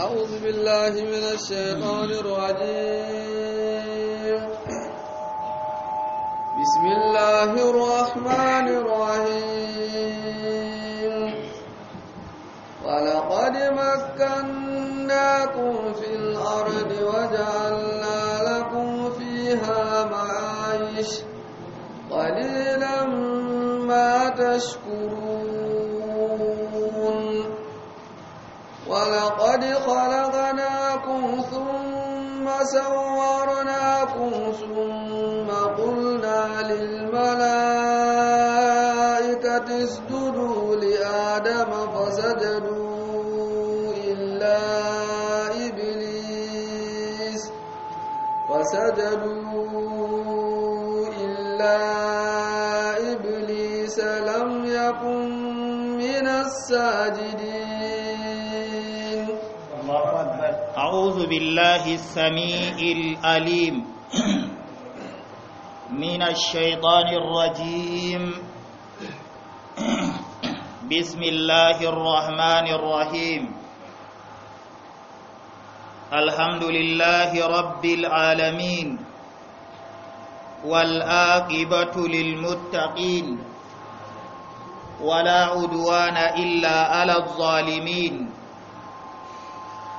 أعوذ بالله من الشيطان الرجيم بسم الله الرحمن الرحيم ولقد مكناكم في الأرض وجعلنا لكم فيها معايش قليلا ما تشكرون ولقد لقد خلقناكم ثم سورناكم ثم قلنا للملائكة اسجدوا لآدم فسجدوا إلا إبليس فسجدوا إلا إبليس لم يكن من الساجدين أعوذ بالله السميع الأليم من الشيطان الرجيم بسم الله الرحمن الرحيم الحمد لله رب العالمين والآقبة للمتقين ولا عدوان إلا على الظالمين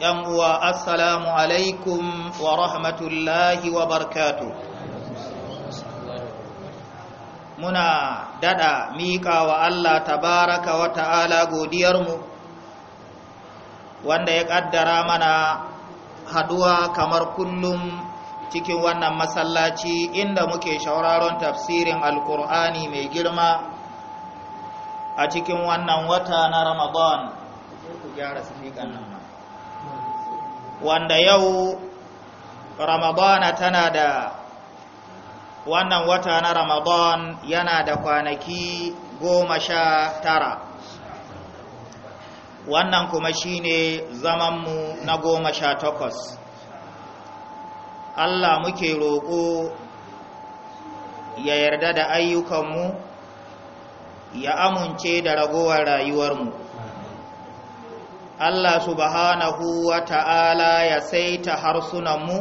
yan uwa assalamu alaikum wa rahmatullahi wa barkatu muna dada mika wa Allah ta baraka wa ta'ala godiyarmu wanda ya ƙaddara mana haduwa kamar kullum cikin wannan masallaci inda muke shauraron tafsirin alkur'ani mai girma a cikin wannan wata na ramadan ku gyara nan wanda yau ramadana tana da wannan wata na ramadan yana da kwanaki goma sha tara wannan kuma shine zamanmu na goma sha takwas allah muke roƙo ya yarda da ayyukanmu ya amince da ragowar rayuwarmu Allah subhanahu wa ta'ala ya saita harsunan mu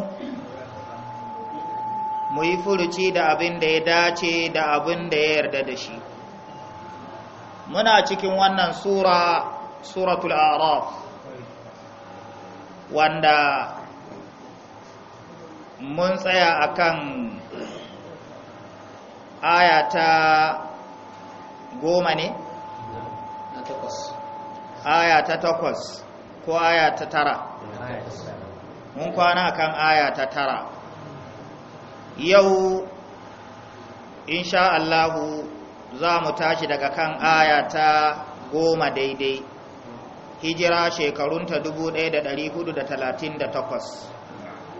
yi furuci da abin da ya dace da abin da ya yarda da shi muna cikin wannan sura suratul araf wanda mun tsaya akan aya ta goma ne aya ta takwas ko aya ta tara mun kwana kan aya ta tara yau insha Allahu za mu tashi daga kan aya ta goma daidai hijira shekarunta 1438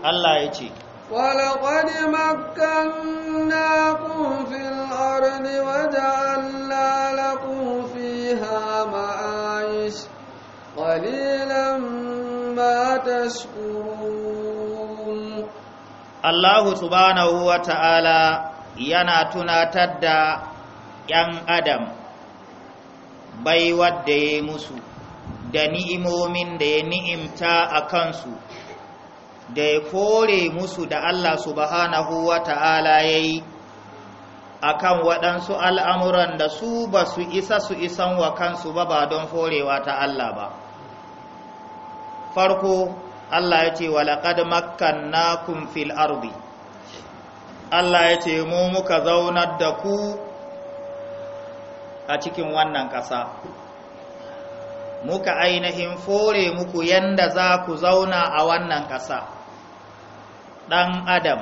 Allah ya ce ولقد مكناكم في الأرض وجعلنا لكم فيها hama. قليلا ما تشكرون الله سبحانه وتعالى yana tunatar da ‘yan adam bai wadda ya musu da ni'imomin da ya ni'imta a kansu da ya kore musu da Allah subhanahu wa ta'ala ya yi a kan waɗansu al'amuran da su ba su isa su isan wa kansu ba ba don forewa ta Allah ba farko Allah ya ce walaƙad makkannakum fil arzi. Allah ya ce mu muka zaunar da ku a cikin wannan ƙasa muka ainihin fore muku yanda za ku zauna a wannan ƙasa ɗan adam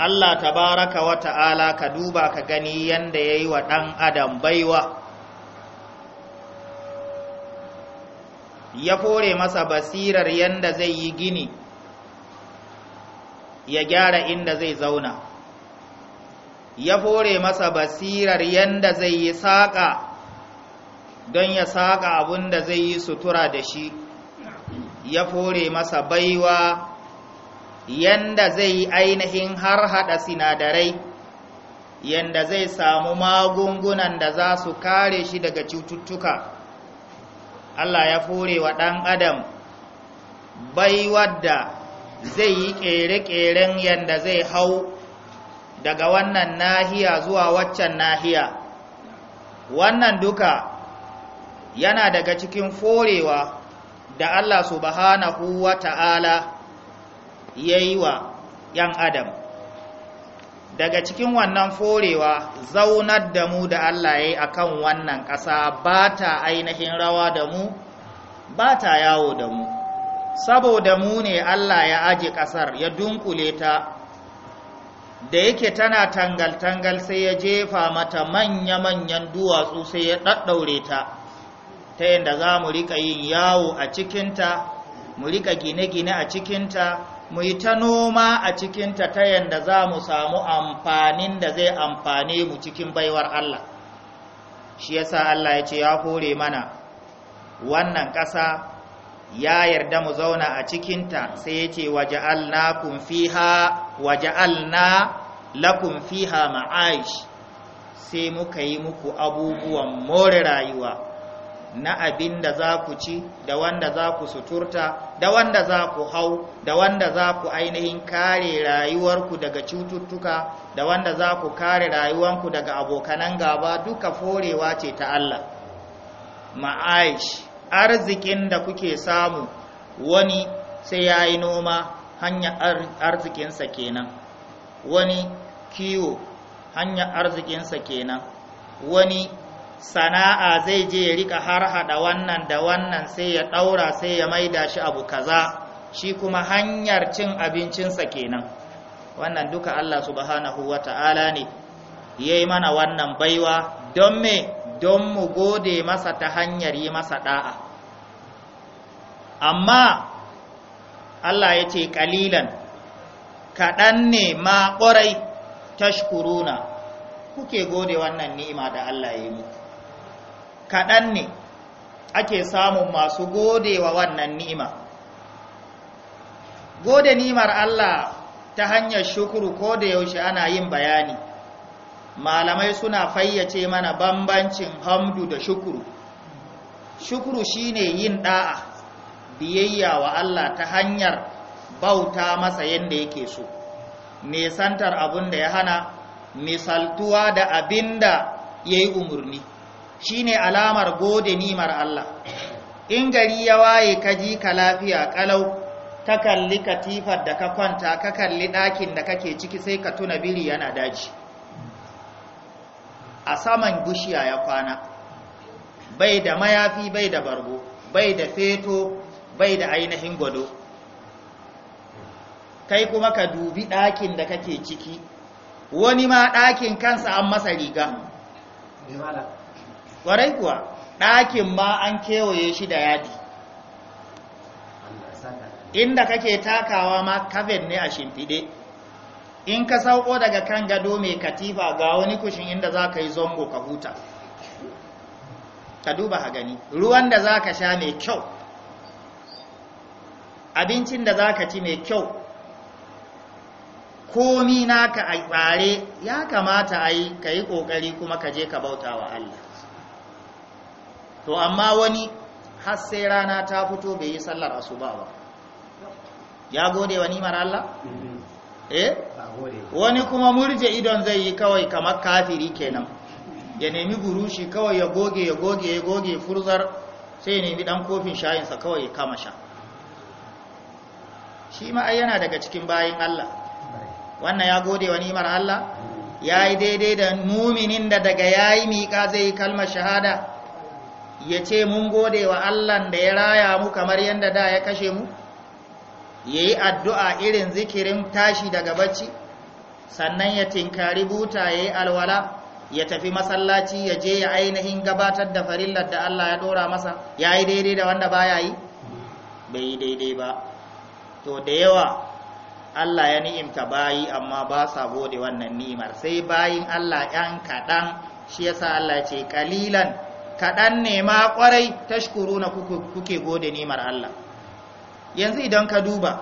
Allah tabaraka wa ta'ala ka duba ka gani yanda ya yi wa ɗan adam baiwa ya fore masa basirar yanda zai yi gini ya gyara inda zai zauna ya fore masa basirar yanda zai yi saƙa don ya saƙa abin da zai yi sutura da shi ya fore masa baiwa yanda zai yi ainihin har hada sinadarai yanda zai samu magungunan da za su kare shi daga cututtuka Allah ya fure wa ɗan adam bai wadda zai yi ƙere-ƙeren yadda zai hau daga wannan nahiya zuwa waccan nahiya wannan duka yana daga cikin forewa da Allah subhanahu wa ta'ala ya yi wa ‘yan adam daga cikin wannan forewa zaunar da mu da Allah ya yi a kan wannan ƙasa ba ta ainihin rawa da mu ba ta yawo da mu saboda mu ne Allah ya aji ƙasar ya dunkule ta da yake tana tangal-tangal sai ya jefa mata manya-manyan duwatsu sai ya ɗaɗɗaure ta ta yadda za mu riƙa yin yawo a cikinta mu riƙa gine-gine a cikinta mu yi ta noma a cikinta ta yanda za mu samu amfanin da zai amfane mu cikin baiwar Allah shi yasa Allah ya ce ya hore mana wannan ƙasa ya yarda mu zauna a cikinta sai ya ce waja'alnakum na waja'alna fiha ma'aish sai muka yi muku abubuwan more rayuwa na abin da za ku ci da wanda za ku suturta da wanda za ku hau da wanda za ku ainihin kare rayuwarku daga cututtuka da wanda za ku kare rayuwarku daga abokanan gaba duka forewa ce ta Allah ma'aish arzikin da kuke samu wani sai ya yi noma hanyar arzikinsa kenan wani kiwo hanyar arzikinsa kenan wani sana'a zai je ya rika har hada wannan da wannan sai ya daura sai ya maida shi abu kaza shi kuma hanyar cin abincinsa kenan wannan duka Allah subhanahu wata'ala ne yayi mana wannan baiwa don me don mu gode masa ta hanyar yi masa da'a amma Allah ya ce kalilan kaɗan ne ma ƙwarai tashkuruna kuke gode wannan ni'ima da Allah ya yi muku kaɗan ne ake samun masu gode wa wannan ni'ima gode ni'imar Allah ta hanyar shukuru ko da yaushe ana yin bayani malamai suna fayyace mana bambancin hamdu da shukuru shukuru shine yin da'a biyayya wa Allah ta hanyar bauta masa yadda yake so nesantar abin da ya hana misaltuwa da abin da ya yi umarni shine alamar gode nimar Allah in gari ya waye ka ji ka lafiya kalau ta kalli katifar da ka kwanta ka kalli ɗakin da kake ciki sai ka tuna biri yana daji a saman gushiya ya kwana bai da mayafi bai da bargo bai da feto bai da ainihin gwado kai kuma ka dubi ɗakin da kake ciki wani ma ɗakin kansa an masa riga ƙwarai kuwa ɗakin ma an kewaye shi da yadi inda kake takawa ma kafin ne a shimfiɗe in ka sauko daga kan gado mai katifa ga wani kushin inda za ka yi zongo ka huta ka duba ha gani ruwan da za ka sha mai kyau abincin da za ka ci mai kyau komi naka a ɓare, ya kamata a yi ka yi ƙoƙari kuma ka je ka bauta wa Allah to amma wani har sai rana ta fito bai yi sallar asuba ba ya gode wa nimar Allah mhm. eh wani kuma murje idon zai yi kawai kamar kafiri kenan ya nemi gurushi kawai ya goge ya goge ya goge furzar sai ya nemi dan kofin shayinsa kawai ya kama sha shi ma yana daga cikin bayan Allah wannan ya gode wa nimar Allah mhm. ya yi daidai da muminin da daga ya yi miƙa zai yi kalmar shahada ya ce mun gode wa Allahn da ya raya mu kamar yadda da ya kashe mu ya yi addu'a irin zikirin tashi daga bacci sannan ya tinkari buta ya yi alwala ya tafi masallaci ya je ya ainihin gabatar da farillar da Allah ya dora masa ya yi daidai da wanda ya yi bai yi daidai ba to da yawa Allah ya ni'imta bayi amma ba sa gode wannan ni'imar sai bayin Allah ‘yan kaɗan shi ya sa Allah ce ƙalilan kaɗan ne ma ƙwarai tashkuru na kuke gode nemar Allah yanzu idan ka duba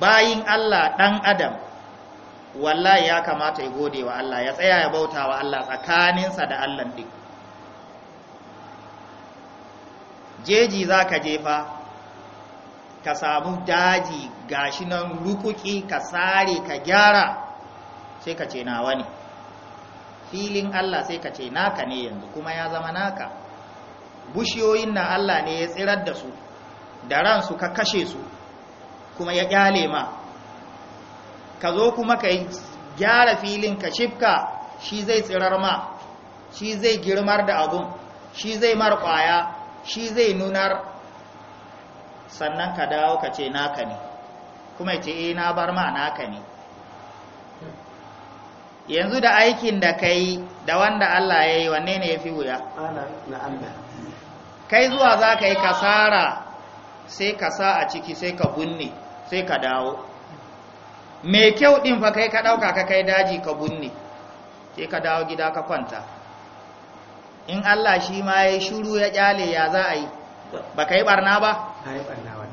bayin Allah ɗan adam wallahi ya kamata ya gode wa Allah ya tsaya ya bauta wa Allah tsakaninsa da Allah ɗin jeji za ka jefa ka samu daji gashi nan rukuki ka sare ka gyara sai ka ce na wani. filin Allah sai ka ce naka ne yanzu kuma ya zama naka bushiyoyin na Allah ne ya tsirar da su da ransu ka kashe su kuma ya kyale ma ka zo kuma ka gyara filin ka shifka shi zai tsirar ma shi zai girmar da abun shi zai mar kwaya shi zai nunar sannan ka dawo ka ce naka ne kuma ya ce e na bar ma naka ne yanzu da aikin da kai da wanda Allah ya yi wanne ne ya fi wuya kai zuwa za ka yi kasara sai ka sa a ciki sai ka bunne sai ka dawo mai kyau ɗin fa kai ka ɗauka ka kai daji ka bunne sai ka dawo gida ka kwanta in Allah shi ma ya yi shuru ya ƙyale ya za a yi ba ka yi ɓarna ba?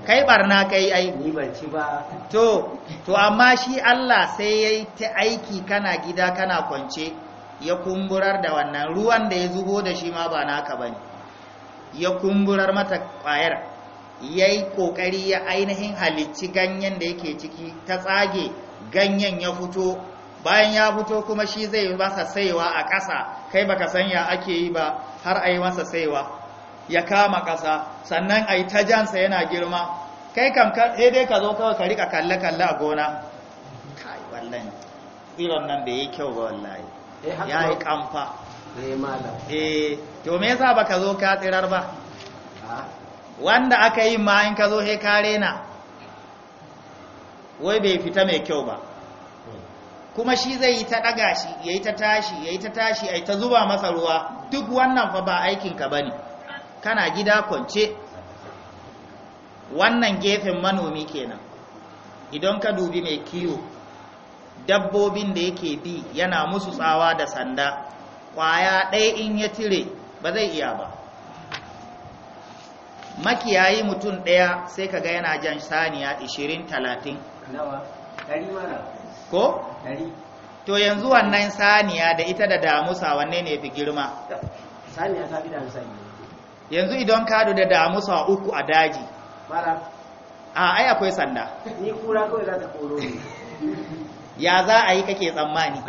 kai barna kai ai ni ban ci ba to to amma shi Allah sai yayi ta aiki kana gida kana kwance ya kumburar da wannan ruwan da ya zubo da shi ma ba naka bane ya kumburar mata kwayar yayi kokari ya ainihin halicci ganyen da yake ciki ta tsage ganyen ya fito bayan ya fito kuma shi zai masa saiwa a ƙasa kai baka sanya ake yi ba har a yi masa saiwa ya kama ƙasa sannan a yi ta jansa yana girma kai kam sai dai ka zo kawai ka rika kalle-kalle a gona kai wallan tsiron nan bai yi kyau ba wallahi eh, ya yi kamfa eh, eh to me yasa baka zo ka tsirar ba wanda aka yi ma in ka zo he ka rena wai bai fita mai kyau ba kuma shi zai yi ta ɗaga shi ya ta tashi yayi ta tashi aita ta zuba masa ruwa duk wannan fa ba aikinka ba ne kana gida kwance wannan gefen manomi kenan idan ka dubi mai kiwo dabbobin da yake bi yana musu tsawa da sanda kwaya ɗaya in ya cire ba zai iya ba makiyayi mutum ɗaya sai ka ga yana jan saniya 20-30 ko? to yanzu wannan saniya da ita da damusa wanne ne fi girma saniya ta fi damusa yanzu idan ka da damusa uku a daji a ai akwai sanda ya za a yi kake tsammani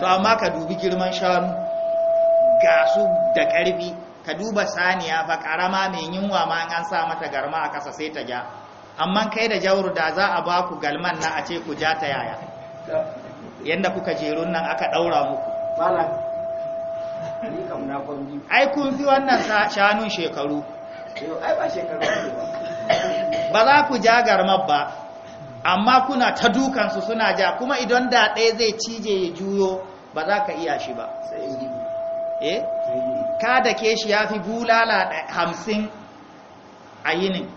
to amma ka dubi girman shanu gasu da karfi ka duba saniya fa karama mai yunwa ma an sa mata garma a kasa sai ta ja amma kai da jawur da za a baku galman na a ce ku ja ta yaya yanda kuka jerun nan aka daura muku ai kun fi wannan shanun shekaru ba za ku ja garmar ba amma kuna ta dukansu suna ja kuma idan da ɗaya zai cije ya juyo ba za ka iya shi ba e ka da ke shi ya fi bulala hamsin a yinin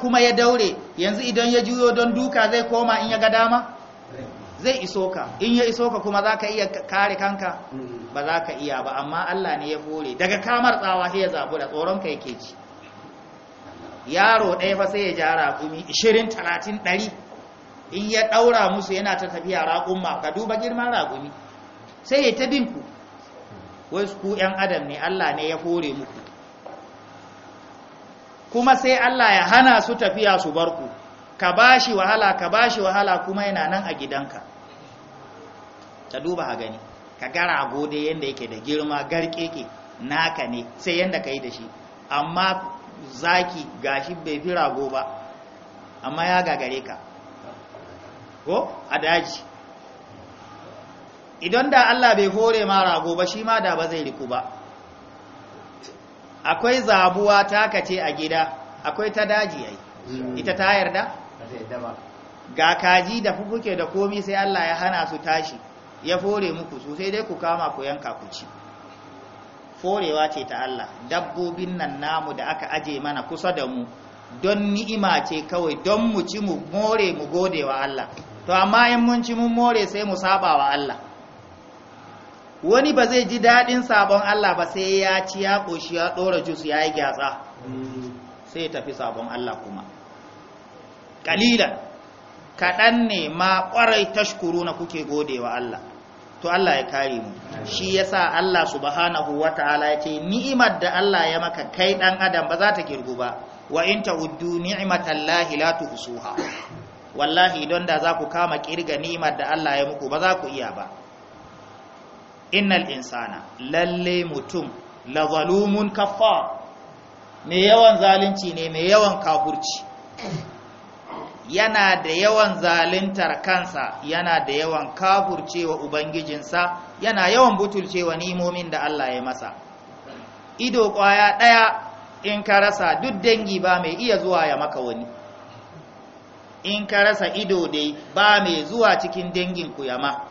kuma ya daure yanzu idan ya juyo don duka zai koma in ya ga dama zai iso ka in ya iso ka kuma za ka iya kare kanka mm. ba za ka iya ba amma Allah ne ya hore daga kamar tsawa sai ya zabu da tsoron ka yake ci yaro ɗaya fa sai ya ja raƙumi 20 30 in ya ɗaura musu yana ta tafiya raƙumma ka duba girman raƙumi sai ya tabin ku wai ku ‘yan adam ne Allah ne ya hore muku kuma sai Allah ya hana su tafiya su bar ku ka ba shi wahala ka ba shi wahala kuma yana nan a gidanka ta duba a gani ka gara a gode yadda yake da girma garkeke naka ne sai yadda ka yi da shi amma zaki gashi bai fi rago ba amma ya gagare ka ko a daji idan da Allah bai hore ma rago ba shi ma da ba zai riku ba akwai zabuwa takace a gida akwai ta daji yayi ita ta yarda ga kaji da kuke da komi sai Allah ya hana su tashi ya fore muku su sai dai ku kama ku yanka ku ci forewa ce ta Allah dabbobin nan namu da aka aje mana kusa da mu don ni'ima ce kawai don mu ci mu more mu gode wa Allah to amma in mun ci mun more sai mu saba wa Allah wani ba zai ji daɗin sabon Allah ba sai ya ci ya ƙoshi ya ɗora jus ya yi gyatsa mm. sai ya tafi sabon Allah kuma kalila kaɗan ne ma ƙwarai tashkuru na kuke gode wa Allah to Allah ya kare mu shi yasa Allah subhanahu wata'ala ya ce ni'imar da Allah ya maka kai ɗan adam ba za ta kirgu ba wa in ta ta'uddu ni'matallahi la tuhsuha wallahi don da za ku kama kirga ni'imar da Allah ya muku ba za ku iya ba innal insana lalle mutum la zalumun kafa. me yawan zalunci ne me yawan kafurci yana da yawan zaluntar kansa yana da yawan kafurcewa ubangijinsa yana yawan butulcewa nimomin da Allah ya masa ido kwaya ɗaya in ka rasa duk dangi ba mai iya zuwa ya maka wani in ka rasa ido dai ba mai zuwa cikin dangin ku yama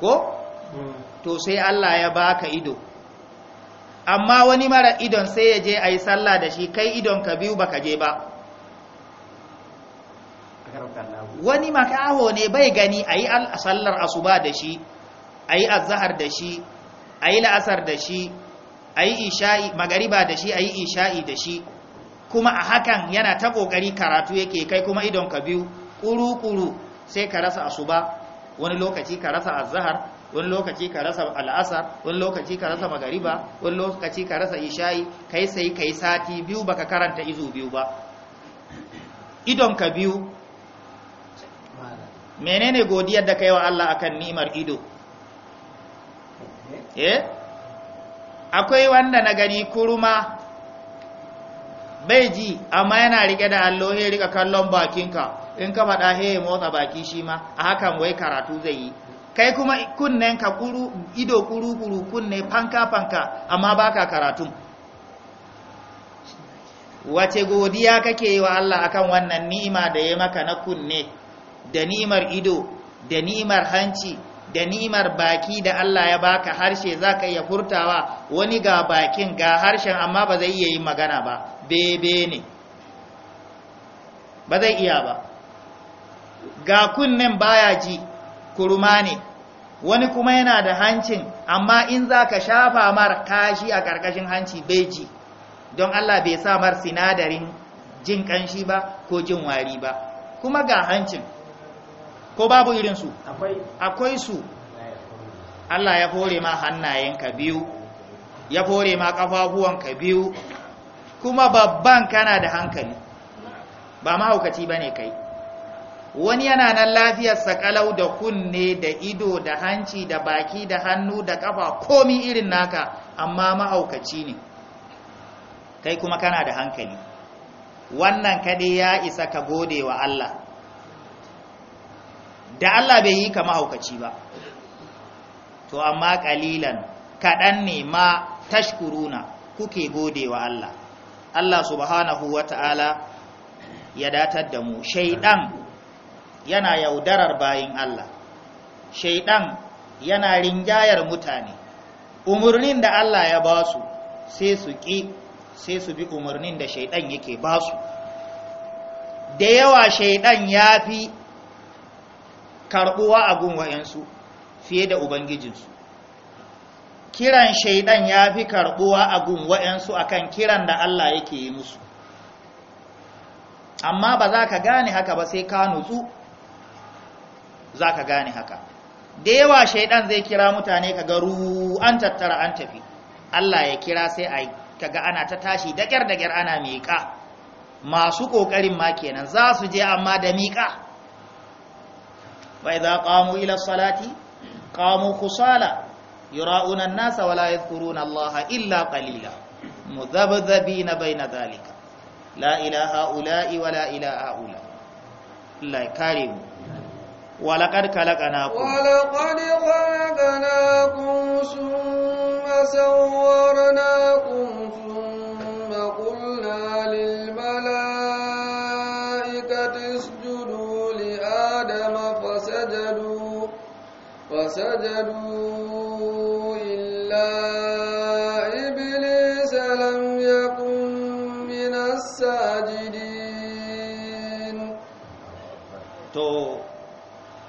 ko to sai Allah ya baka ido amma wani mara idon sai ya je ayi sallah da shi kai idon ka biyu baka je ba wani makaho ne bai gani a yi sallar asuba da shi a yi azahar da shi a yi la'asar da shi a yi isha'i magariba da shi a yi isha'i da shi kuma a hakan yana ta ƙoƙari karatu yake kai kuma idon ka biyu kuru-kuru sai ka rasa asuba wani lokaci ka rasa azahar wani lokaci ka rasa al'asar wani lokaci ka rasa magariba wani lokaci ka rasa isha'i kai sai kai sati biyu baka karanta izu biyu ba idon ka biyu menene godiyar da kai wa Allah akan nimar ido eh? eh akwai wanda na gani kuruma bai ji amma yana rike da allo he rika kallon bakinka in ka faɗa he motsa baki shi ma a hakan wai karatu zai yi kai kuma kunnen ka kuru ido kuru kuru kunne fanka fanka amma baka karatu wace godiya kake yi wa Allah akan wannan ni'ima da ya maka na kunne da nimar ido da nimar hanci da nimar baki da Allah ya baka harshe za ka iya furtawa wani ga bakin ga harshen amma ba zai iya yin magana ba bebe ne ba zai iya ba ga kunnen baya ji kurma ne wani kuma yana da hancin amma in za ka shafa mar kashi a ƙarƙashin hanci bai ji don Allah bai sa mar sinadarin jin ƙanshi ba ko jin wari ba kuma ga hancin ko babu irinsu akwai su Allah ya fore ma hannayenka biyu ya fore ma ƙafafuwanka biyu kuma babban kana da hankali ba mahaukaci ba ne kai wani yana nan lafiyarsa kalau da kunne da ido da hanci da baki da hannu da ƙafa komi irin naka amma mahaukaci ne kai kuma kana da hankali wannan kaɗai ya isa ka gode wa Allah da Allah bai yi ka mahaukaci ba to amma kalilan kaɗan ne ma tashkuruna kuke gode wa Allah Allah subhanahu wa ta'ala ya datar da mu shaidan yana yaudarar bayin Allah shaidan yana rinjayar mutane umarnin da Allah ya ba su sai su ƙi sai su bi umarnin da shaidan yake ba su da yawa shaidan ya fi karbuwa a gun wayansu fiye da ubangijinsu kiran shaidan ya fi karbuwa a gun wayansu akan kiran da Allah yake yi musu amma ba za ka gane haka ba sai ka nutsu za ka gane haka da yawa shaidan zai kira mutane ka ga an tattara an tafi Allah ya kira sai a kaga ana ta tashi dakyar dakyar ana miƙa masu ƙoƙarin ma kenan za su je amma da miƙa فإذا قاموا إلى الصلاة قاموا خصالا يراؤون الناس ولا يذكرون الله إلا قليلا مذبذبين بين ذلك لا إلى هؤلاء ولا إلى هؤلاء الله كريم ولقد خلقناكم ولقد خلقناكم ثم سورناكم ثم قلنا للملائكة فسجدوا إلا إبليس لم يكن من الساجدين تو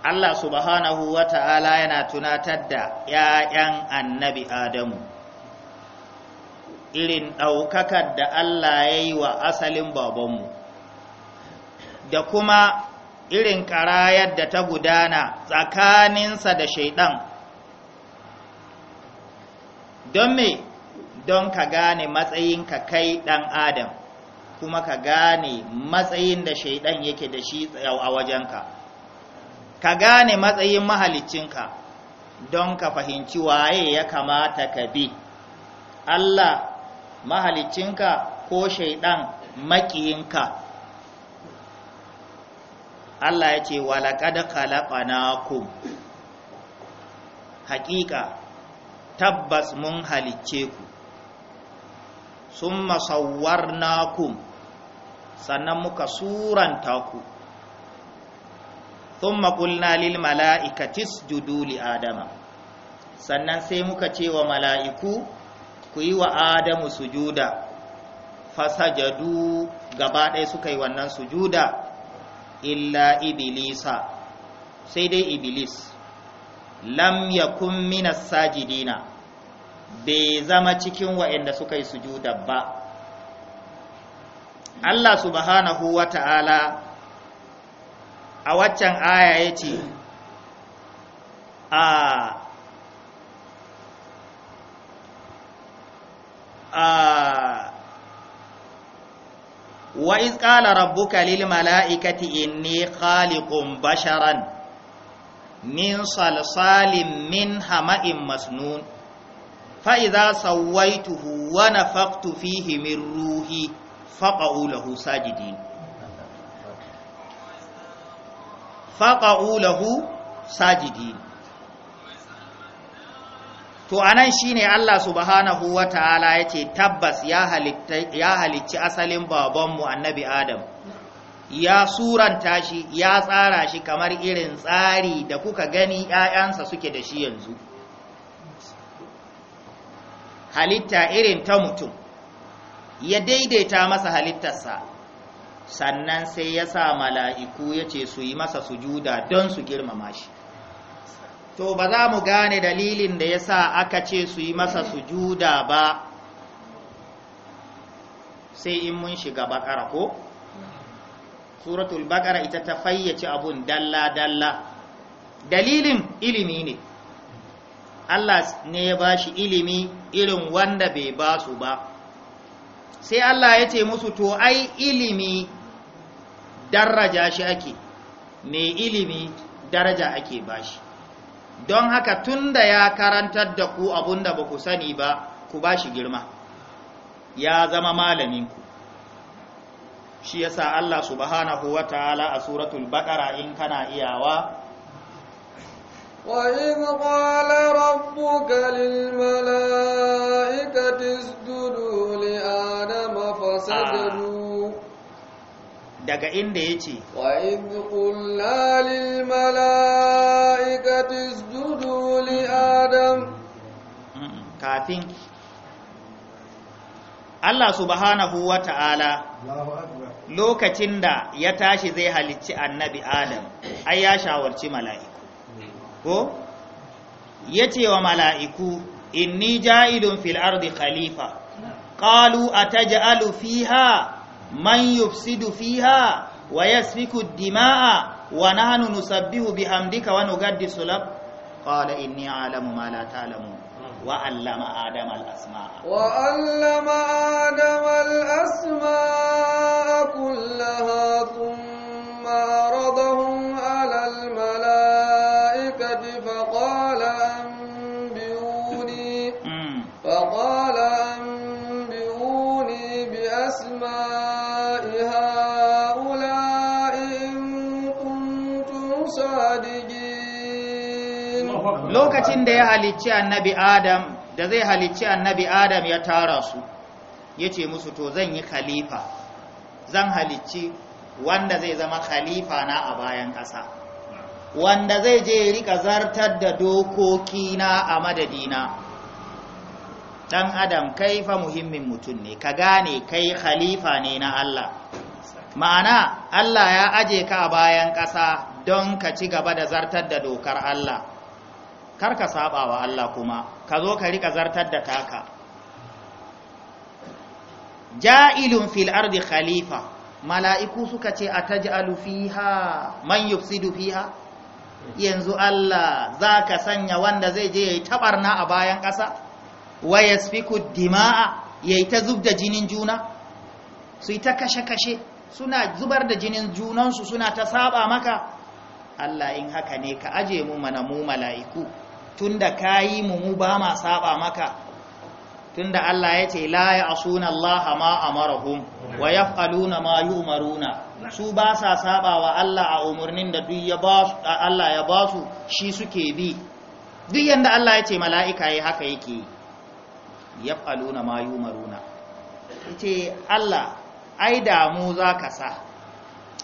Allah subhanahu ta'ala yana tunatar da ‘ya'yan annabi Adamu, irin ɗaukakar da Allah ya yi wa asalin babanmu, da kuma irin karayar da ta gudana tsakaninsa da shaidan don me don ka gane matsayin ka kai ɗan adam kuma ka gane matsayin da shaidan yake da shi a wajenka ka gane matsayin mahalicinka don ka fahimci waye ya kamata ka bi Allah mahalicinka ko shaidan makiyinka Allah ya ce na khalaqanakum haƙiƙa tabbas mun halicce ku summa sawwarnakum sannan muka suranta ku thumma qulna lil mala'ikati isjudu li adama sannan sai muka ce wa mala'iku ku yi wa adamu sujuda fasajadu gaba ɗaya suka yi wannan sujuda illa iblisa sai dai iblis lam yakun minas sajidina bai zama cikin waɗanda suka yi sujuda ba Allah subhanahu wa ta'ala a waccan aya ya ce a a wa iz qala rabbuka lil mala'ikati inni khaliqun basharan min salsalin min hama'in masnun fa'iza idza sawaituhu wa nafaqtu fihi min ruhi faqa'u lahu sajidin faqa'u to anan shine Allah subhanahu wataala yace tabbas ya halitta ya halicci asalin babanmu annabi Adam ya suranta shi ya tsara shi kamar irin tsari da kuka gani ƴaƴansa suke da shi yanzu halitta irin ta mutum ya daidaita masa halittarsa sannan sai ya sa mala'iku yace ce su yi masa sujuda don su girmama shi to ba za mu gane dalilin da yasa aka ce su yi masa sujuda ba sai in mun shiga bakara ko suratul bakara ita ta fayyace abun dalla-dalla dalilin ilimi ne Allah ne ya bashi ilimi irin wanda bai ba su ba sai Allah ya ce musu to ai ilimi daraja shi ake mai ilimi daraja ake bashi don haka tunda ya karantar da ku abunda ba ku sani ba ku ba shi girma ya zama malaminku shi yasa Allah subhanahu wa ta'ala a suratul baqara in kana iyawa وإذ قال ربك للملائكة اسجدوا Adama, فسجدوا daga inda ya ce wa idh kula lil mala'ikatis li adam kafin Allah subhanahu wa ta'ala lokacin da ya tashi zai halicci annabi Adam, ai ya shawarci mala'iku. Ko? Ya ce wa mala'iku, inni ja'idun fil ardi khalifa, ƙalu a ta ha? من يفسد فيها ويسفك الدماء ونحن نسبه بحمدك ونقدس لك قال إني أعلم ما لا تعلمون وعلم آدم الأسماء وعلم آدم الأسماء كلها طول lokacin da ya halicci annabi adam da zai halicci annabi adam ya tara su ya ce musu to zan yi khalifa zan halicci wanda zai zama khalifa na a bayan ƙasa wanda zai je rika zartar da dokokina a madadina dan adam kai fa muhimmin mutum ne ka gane kai khalifa ne na Allah ma'ana Allah ya aje ka a bayan ƙasa don ka ci gaba da zartar da dokar Allah kar ka saba wa Allah kuma ka zo ka rika zartar da taka ja'ilun fil ardi khalifa mala'iku suka ce ataj'alu fiha man yufsidu fiha yanzu Allah zaka sanya wanda zai je yayi tabarna a bayan ƙasa wa yasfiku dima'a yayi ta zubda jinin juna su ta kashe-kashe suna zubar da jinin junansu suna ta saba maka Allah in haka ne ka aje mu mana mu mala'iku tunda kayi mu mu ba ma saba maka tunda Allah ya ce la a asuna Allah ma marahun. wa yaf'aluna ma umaruna. su ba sa saba wa Allah a umarnin da duk ya ba Allah ya ba su shi suke bi duk yanda Allah ya ce mala'ika yi haka yake yaf'aluna ma yu'maruna ce Allah ai damu zaka sa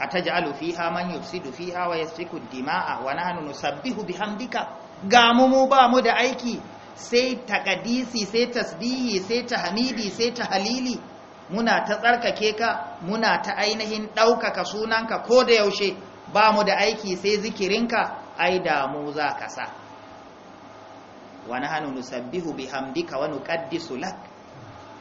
ataj'alu fiha man yufsidu fiha wa yasfiku dima'a wa nahnu nusabbihu bihamdika ga mu mu ba mu da aiki sai ta kadisi sai tasbihi sai ta hamidi, sai ta halili. muna ta tsarkake ka muna ta ainihin ɗaukaka sunanka ko da yaushe ba mu da aiki sai zikirinka ai damu za ka sa wani hannu nusabbihu hamdika wani ƙaddisu lak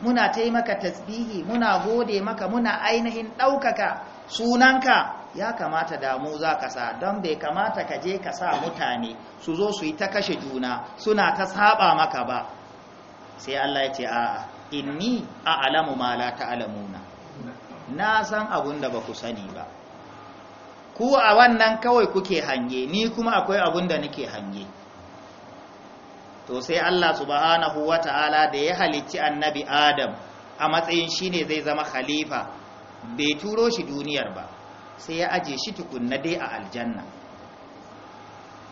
muna ta yi maka tasbihi muna gode maka muna ainihin ɗaukaka sunanka ya kamata damu za ka sa don bai kamata ka je ka sa mutane su zo su yi ta kashe juna suna ta saba maka ba sai Allah ya ce a'a inni a'lamu ma la ta'lamuna na san abun da baku sani ba ku a wannan kawai kuke hange ni kuma akwai abun da nake hange to sai Allah subhanahu wata'ala da ya halicci annabi Adam a matsayin shine zai zama khalifa bai turo shi duniyar ba sai ya aje shi tukunna dai a aljanna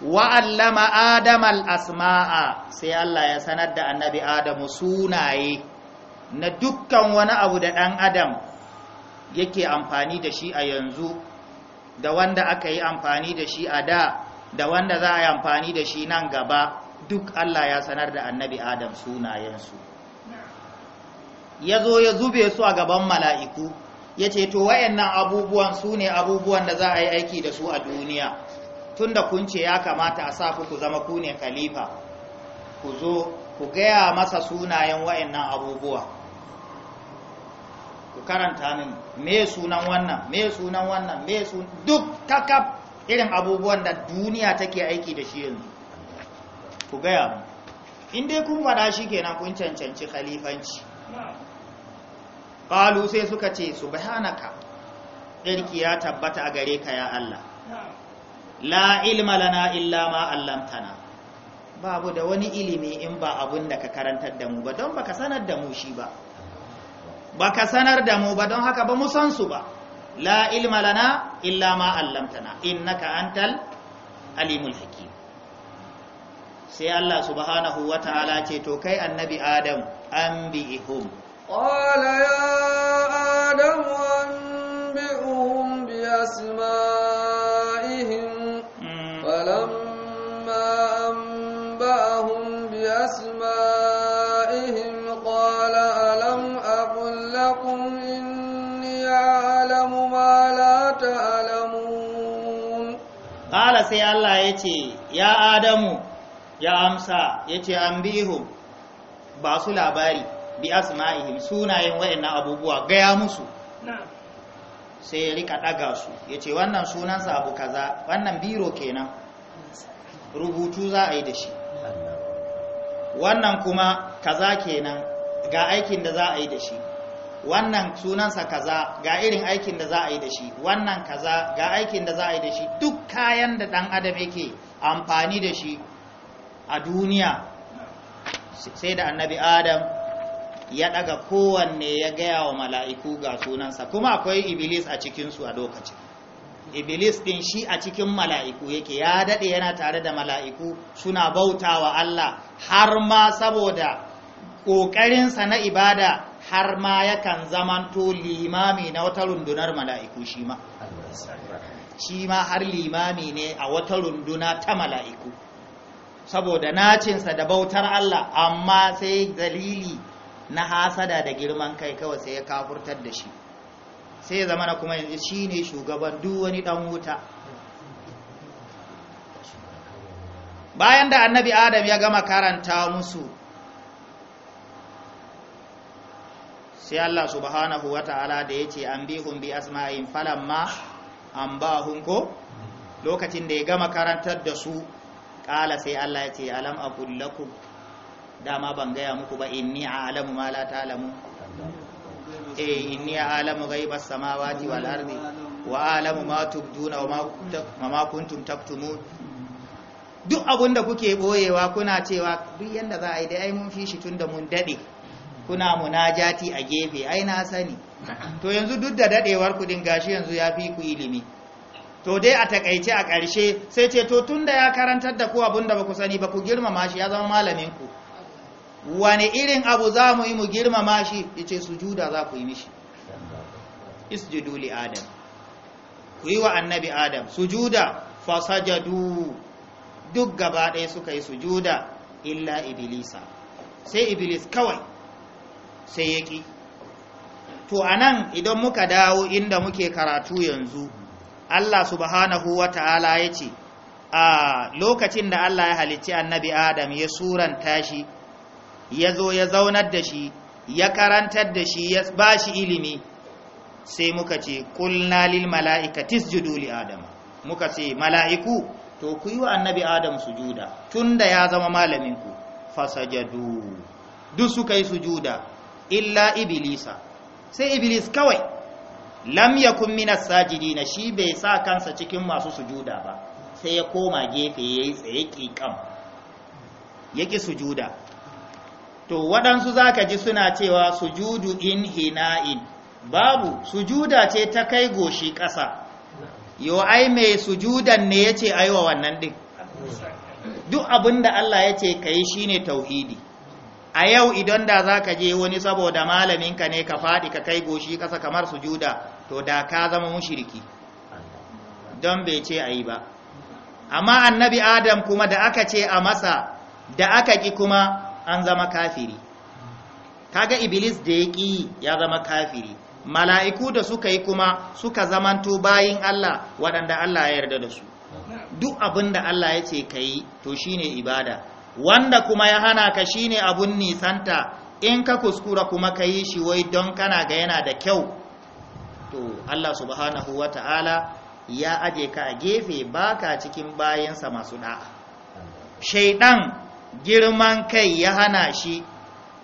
wa'allama adamal asma'a sai Allah ya sanar da annabi adamu sunaye na dukkan wani abu da ɗan adam yake amfani da shi a yanzu da wanda aka yi amfani da shi a da da wanda za a yi amfani da shi nan gaba duk Allah ya sanar da annabi adam sunayensu ya zo ya zube su a gaban mala'iku ya ce to wayannan abubuwan su ne abubuwan da za a yi aiki da su a duniya tun da kun ce ya kamata a sa ku zama ku ne khalifa ku zo ku gaya masa sunayen wayannan abubuwa ku karanta min me sunan wannan me sunan wannan me sun duk kakaf irin abubuwan da duniya take aiki da shi yanzu ku gaya mu in dai kun faɗa shi kenan kun cancanci khalifanci ƙalu sai suka ce subhanaka tsirki ya tabbata a gare ka ya Allah la ilma lana illa ma allamtana babu da wani ilimi in ba abun da ka karantar da mu ba don baka sanar da mu shi ba baka sanar da mu ba don haka ba mu san su ba la ilma lana illa ma allamtana innaka antal alimul hakim sai Allah subhanahu wataala ce to kai annabi adam anbi'ihum Kole ya Adamu An bi mu ƙwala alam ƙafullaƙun alamu. Kala sai Allah ya ce 'Ya Adamu ya amsa ya ce 'Yan bi ba su labari. bi asma'ihim sunayen wayannan abubuwa gaya musu sai ya rika daga su ya ce wannan sunansa abu kaza wannan biro kenan rubutu za a yi da shi wannan kuma kaza kenan ga aikin da za a yi da shi wannan sunansa kaza ga irin aikin da za a yi da shi wannan kaza ga aikin da za a yi da shi duk kayan da dan adam yake amfani da shi a duniya sai da annabi adam ya daga kowanne ya gaya wa mala'iku ga sunansa kuma akwai iblis a cikinsu a lokacin iblis din shi a cikin mala'iku yake ya daɗe yana tare da mala'iku suna bauta wa Allah har ma saboda ƙoƙarinsa na ibada har ma yakan to limami na wata rundunar mala'iku shi ma shi ma har limami ne a wata runduna ta mala'iku saboda nacinsa da bautar Allah amma sai dalili na hasada da girman kai kawai sai ya kafurtar da shi sai ya zama na kuma yanzu shi ne shugaban duk wani ɗan wuta bayan da annabi adam ya gama karanta musu sai Allah subhanahu wa ta'ala da ya ce an bihun bi asma'in falamma an ba ko lokacin da ya gama karantar da su ƙala sai Allah ya ce alam abu lakum dama ban gaya muku ba inni a'lamu ma la ta'lamu eh inni a'lamu sama samawati wal ardi wa a'lamu ma tubduna wa ma kuntum taktumu duk abinda kuke boyewa kuna cewa duk yanda za a yi dai mun fi shi tunda mun dade kuna munajati a gefe ai na sani to yanzu duk da dadewar ku din gashi yanzu ya fi ku ilimi to dai a takaice a ƙarshe sai ce to tunda ya karantar da ku da ba ku sani ba ku girmama shi ya zama malamin ku wani irin abu za mu yi mu girmama shi yace sujuda za ku yi mishi isjudu li adam ku yi wa annabi adam sujuda fasajadu duk gaba ɗaya suka yi sujuda illa iblisa sai iblis kawai sai ya ƙi to anan idan muka dawo inda muke karatu yanzu allah subhanahu wa ta'ala ya ce a lokacin da allah ya halicci annabi adam ya suranta shi ya zo ya zaunar da shi ya karantar da shi ya ba shi ilimi sai muka ce kulna lil mala'ikati isjudu li adam muka ce mala'iku to ku yi wa annabi adam sujuda tunda ya zama malamin ku fasajadu duk suka yi sujuda illa iblisa sai iblis kawai lam yakun minas sajidina shi bai sa kansa cikin masu sujuda ba sai ya koma gefe yayi tsaye kikam yake sujuda to waɗansu za ka ji suna cewa sujudu in hina'in babu sujuda ce ta kai goshi ƙasa yau ai mai sujudan ne ya ce aiwa wannan ɗin duk abin da Allah ya ce ka yi shi ne tauhidi a yau idan da za ka je wani saboda malaminka ne ka faɗi ka kai goshi ƙasa kamar sujuda to da ka zama mushiriki don bai ce a yi ba amma annabi adam kuma da aka ce a masa da aka ƙi kuma an zama kafiri kaga iblis da ya ƙi ya zama kafiri mala'iku da suka yi kuma suka zamanto bayin Allah waɗanda Allah ya yarda da su duk abin da Allah ya ce ka yi to shine ibada wanda kuma ya hana ka shine abun nisanta in ka kuskura kuma ka yi shi wai don kana ga yana da kyau to Allah subhanahu wa ta'ala ya aje ka a gefe baka cikin bayansa masu da'a Shaiɗan. girman kai ya hana shi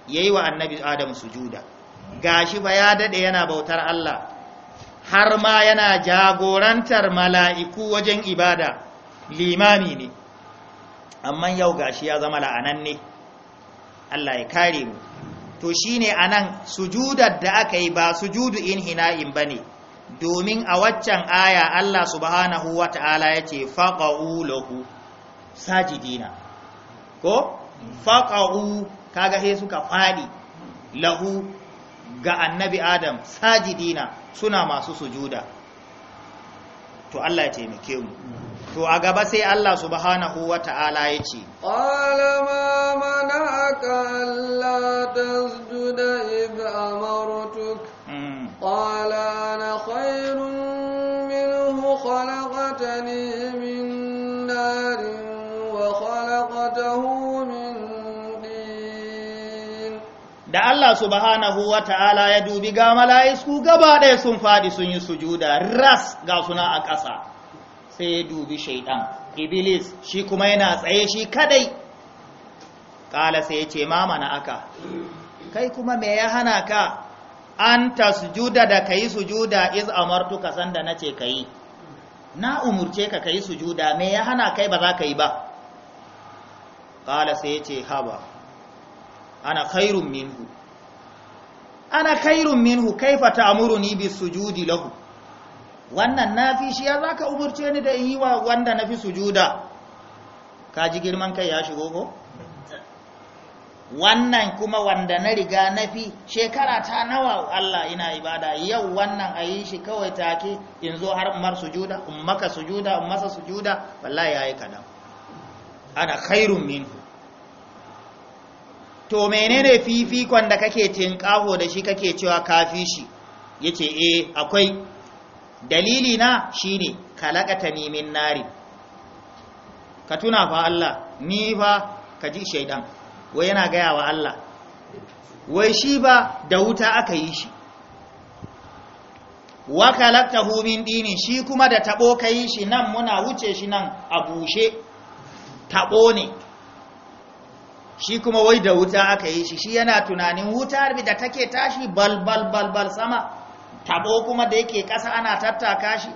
ya yi wa annabi adam sujuda gashi ba ya daɗe yana bautar Allah har ma yana jagorantar mala'iku wajen ibada limami ne amma yau gashi ya zama la'anan ne? Allah ya kare mu to shi shine anan sujudar da aka yi ba sujudu in hina'in bane domin a waccan aya Allah subhanahu wata'ala ce faƙa’u lahu sajidina ko faqahu kaga he suka fadi lahu ga annabi adam sajidina suna masu sujuda to Allah ya taimake mu to a gaba sai Allah subhanahu wa ta'ala ya ce qala ma mana'aka alla tasjuda id amartuk hmm. qala Allah subhanahu wa ta'ala ya dubi ga mala'isku gaba ɗaya sun faɗi sun yi sujuda ras ga suna a ƙasa sai ya dubi shaiɗan iblis shi kuma yana tsaye shi kadai ƙala sai ya ce mama na aka kai kuma me ya hana ka an ta sujuda da ka yi sujuda iz amartu ka sanda na ce ka yi na umurce ka ka yi sujuda me ya hana kai ba za ka yi ba ƙala sai ya ce haba ana khairun minhu ana kairun minhu kaifa ni bi sujudi lahu wannan nafi shi ya zaka umurce ni da yi wa wanda nafi sujuda kaji girman kai ya shigo ko wannan kuma wanda na riga nafi shekara ta nawa Allah ina ibada yau wannan ayi shi kawai take in zo har umar sujuda ummaka sujuda ummasa sujuda wallahi yayi kadan ana khairun minhu to menene fifikon da kake tinkaho da shi kake cewa kafi shi yace eh akwai dalili na shine kalakata ni min nari ka tuna fa Allah ni fa ka ji wai yana gaya wa Allah wai shi ba da wuta aka yi shi wa kalaktahu min dini shi kuma da tabo kai shi nan muna wuce shi nan a bushe tabo ne shi kuma wai da wuta aka yi shi shi yana tunanin wuta da take tashi bal bal bal bal sama tabo kuma da yake ƙasa ana tattaka shi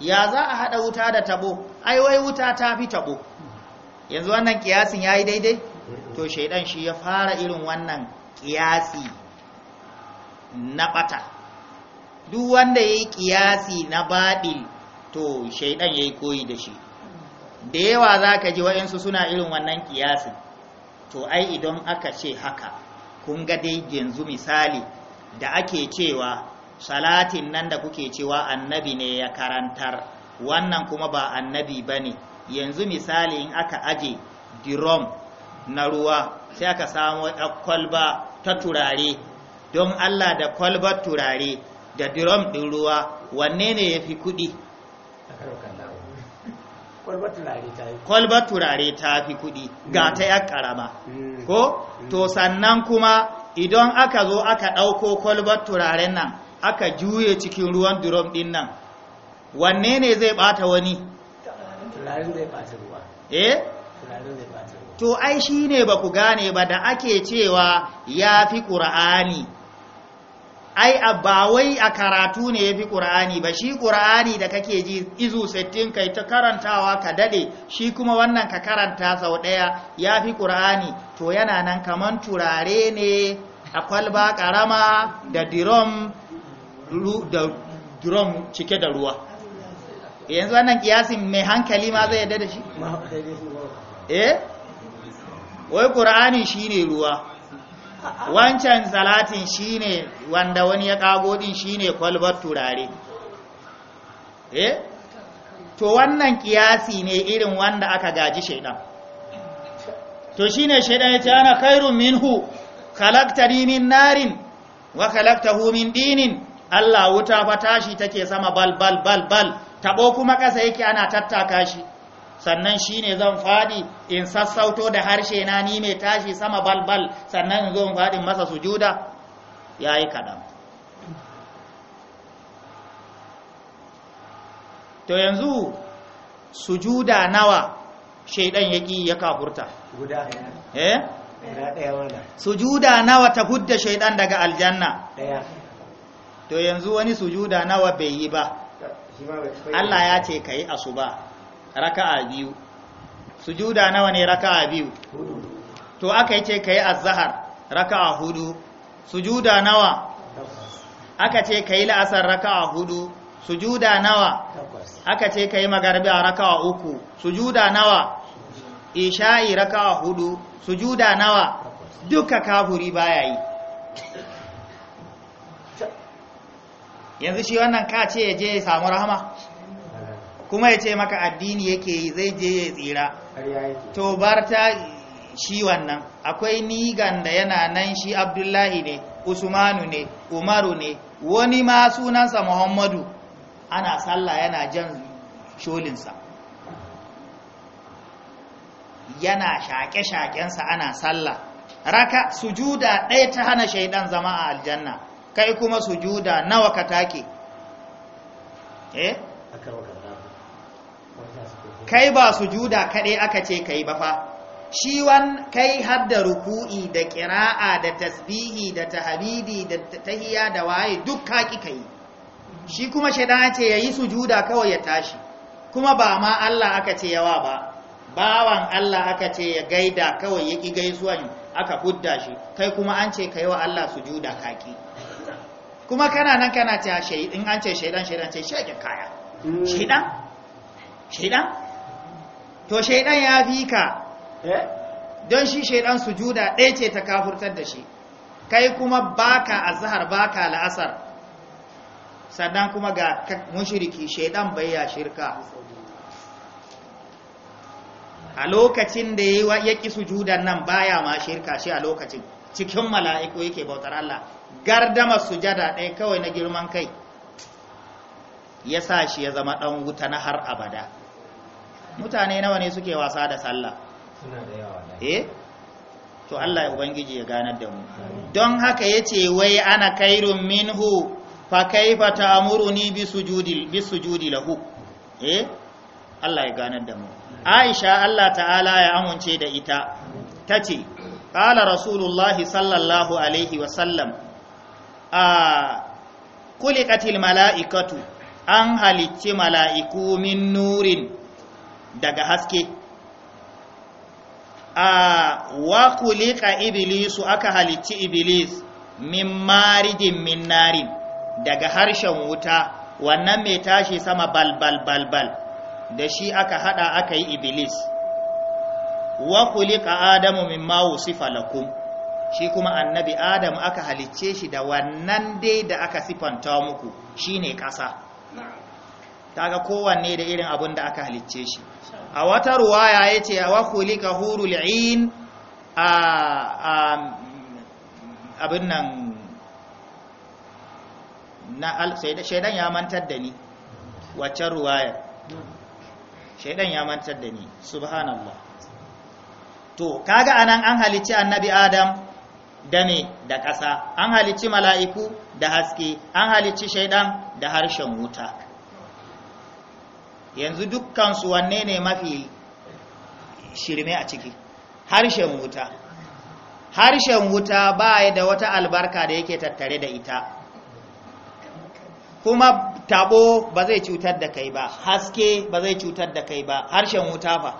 ya za a haɗa wuta da tabo ai wai wuta ta fi tabo yanzu wannan kiyasin ya yi daidai to shaidan shi ya fara irin wannan kiyasi na ɓata duk wanda ya yi kiyasi na baɗi to shaidan ya yi koyi da shi da yawa za ka ji wa'insu suna irin wannan kiyasin to ai idan aka ce haka kun ga dai yanzu misali da ake cewa salatin nan da kuke cewa annabi ne ya karantar wannan kuma ba annabi ba ne yanzu misali in aka aje dirom na ruwa sai aka samu kwalba ta turare don allah da kwalbar turare da dirom ɗin ruwa wanne ne ya fi kuɗi kwalbar turare ta fi kuɗi ga ta yar mm. ƙarama mm. ko mm. to sannan kuma idan aka zo aka ɗauko kwalbar turaren nan aka juye cikin ruwan durom ɗin nan wanne ne zai bata wani turaren zai bata ruwa eh to ai shi ne ba ku gane ba da ake cewa ya fi ƙura'ani ai ba wai a karatu ne yafi qur'ani ba shi qur'ani da kake ji izu sittin kai ta karantawa ka daɗe shi kuma wannan ka karanta sau daya yafi qur'ani to yana nan kaman turare ne a kwalba karama da drum da drum cike da ruwa yanzu wannan kiyasin mai hankali ma zai yadda da shi eh wai qur'ani shine ruwa wancan salatin shine wanda wani ya kago din shine kwalbar turare eh to wannan kiyasi ne irin wanda aka gaji shaidan to shine shaidan ya ce ana khairun minhu khalaqtani min narin wa khalaqtahu min dinin Allah wuta fa tashi take sama bal bal bal bal tabo kuma kasa yake ana tattaka shi sannan shi ne zan fadi in sassauto da harshe na ni mai tashi sama balbal sannan in zo in fadin masa sujuda Ya yi kadan to yanzu sujuda nawa shaidan ƙi ya kafurta guda eh sujuda nawa ta hudda shaidan daga aljanna to yanzu wani sujuda nawa bai yi ba Allah ya ce ka yi ba. raka'a biyu sujuda nawa ne raka'a biyu to aka yi ce ka yi azahar raka'a hudu sujuda nawa aka ce ka yi la'asar raka'a hudu sujuda nawa aka ce ka yi magarbi a raka'a uku sujuda nawa isha'i raka'a hudu sujuda nawa duka kafuri baya yi yanzu shi wannan ka ce ya je ya samu rahama kuma ya ce maka addini yake yi zai je ya tsira to bar ta shi wannan akwai nigan da yana nan shi abdullahi ne usmanu ne umaru ne wani ma sunansa muhammadu ana sallah yana jan sholinsa yana shaƙe-shaƙensa ana sallah raka sujuda ɗaya ta hana shaidan zama a aljanna kai kuma sujuda nawa ka take eh kai ba su juda kaɗai aka ce kai ba fa shi wan kai har da ruku'i da ƙira'a da tasbihi da tahabidi da tahiya da waye duk ka ki kai shi kuma shaidan ce yayi sujuda kawai ya tashi kuma ba ma Allah aka ce yawa ba bawan Allah aka ce ya gaida kawai ya ki gaisuwan aka fudda shi kai kuma an ce kai wa Allah sujuda kaki kuma kana nan kana ta shaidan an ce shaidan shaidan ce shaidan kaya mm. shaidan shaidan to shaidan ya fi ka eh? don shi shaidan sujuda ɗaya ce ta kafurtar da shi kai kuma baka azhar baka la'asar sannan kuma ga mushriki shaidan ya shirka a lokacin da ya ƙi sujudan nan baya ma shirka shi a lokacin cikin mala'iku yake bautar Allah gardama sujada ɗaya kawai na girman kai ya sa shi ya zama ɗan wuta na har abada mutane nawa ne suke wasa da sallah eh to Allah ya ubangiji ya ganar da mu don haka yace wai ana kairun minhu fa kaifa ta'muruni bi sujudi bi sujudi lahu eh Allah ya ganar da mu Aisha Allah ta'ala ya amince da ita tace qala rasulullahi sallallahu alaihi wa sallam a kulikatil mala'ikatu an halicci mala'iku min nurin daga haske a wa kulika iblisu aka halicci iblis min maridin min narin daga harshen wuta wannan mai tashi sama balbal balbal da shi aka hada aka yi Ibilis. wa kulika adamu min ma wusifa lakum shi kuma annabi adam aka halicce shi da wannan dai da aka sifanta muku shine ƙasa kaga kowanne da irin abin da aka halicce shi a wata ruwaya ya ce wa kulika hurul ain a abin nan na shaidan ya mantar da ni waccan ruwayar shaidan ya mantar da ni subhanallah to kaga anan an halicci annabi adam da me da ƙasa an halicci mala'iku da haske an halicci shaidan da harshen wuta yanzu dukkansu wanne ne mafi shirme a ciki harshen wuta harshen wuta ba da wata albarka da yake tattare da ita kuma tabo ba zai cutar da kai ba haske ba zai cutar da kai ba harshen wuta ba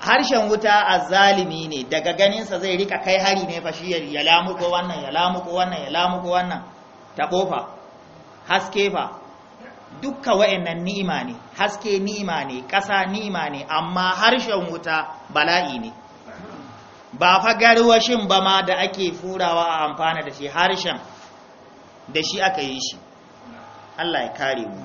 harshen wuta a zalimi ne daga ganinsa zai rika kai hari ne fashi ya lamuko wannan ya lamuko wannan ya lamuko wannan tabo fa haske fa dukka wa'annan ni'ima ne haske ni'ima ne ƙasa ni'ima ne amma harshen wuta bala'i ne ba fa garwashin ba ma da ake furawa a amfana da shi harshen da shi aka yi shi Allah ya kare mu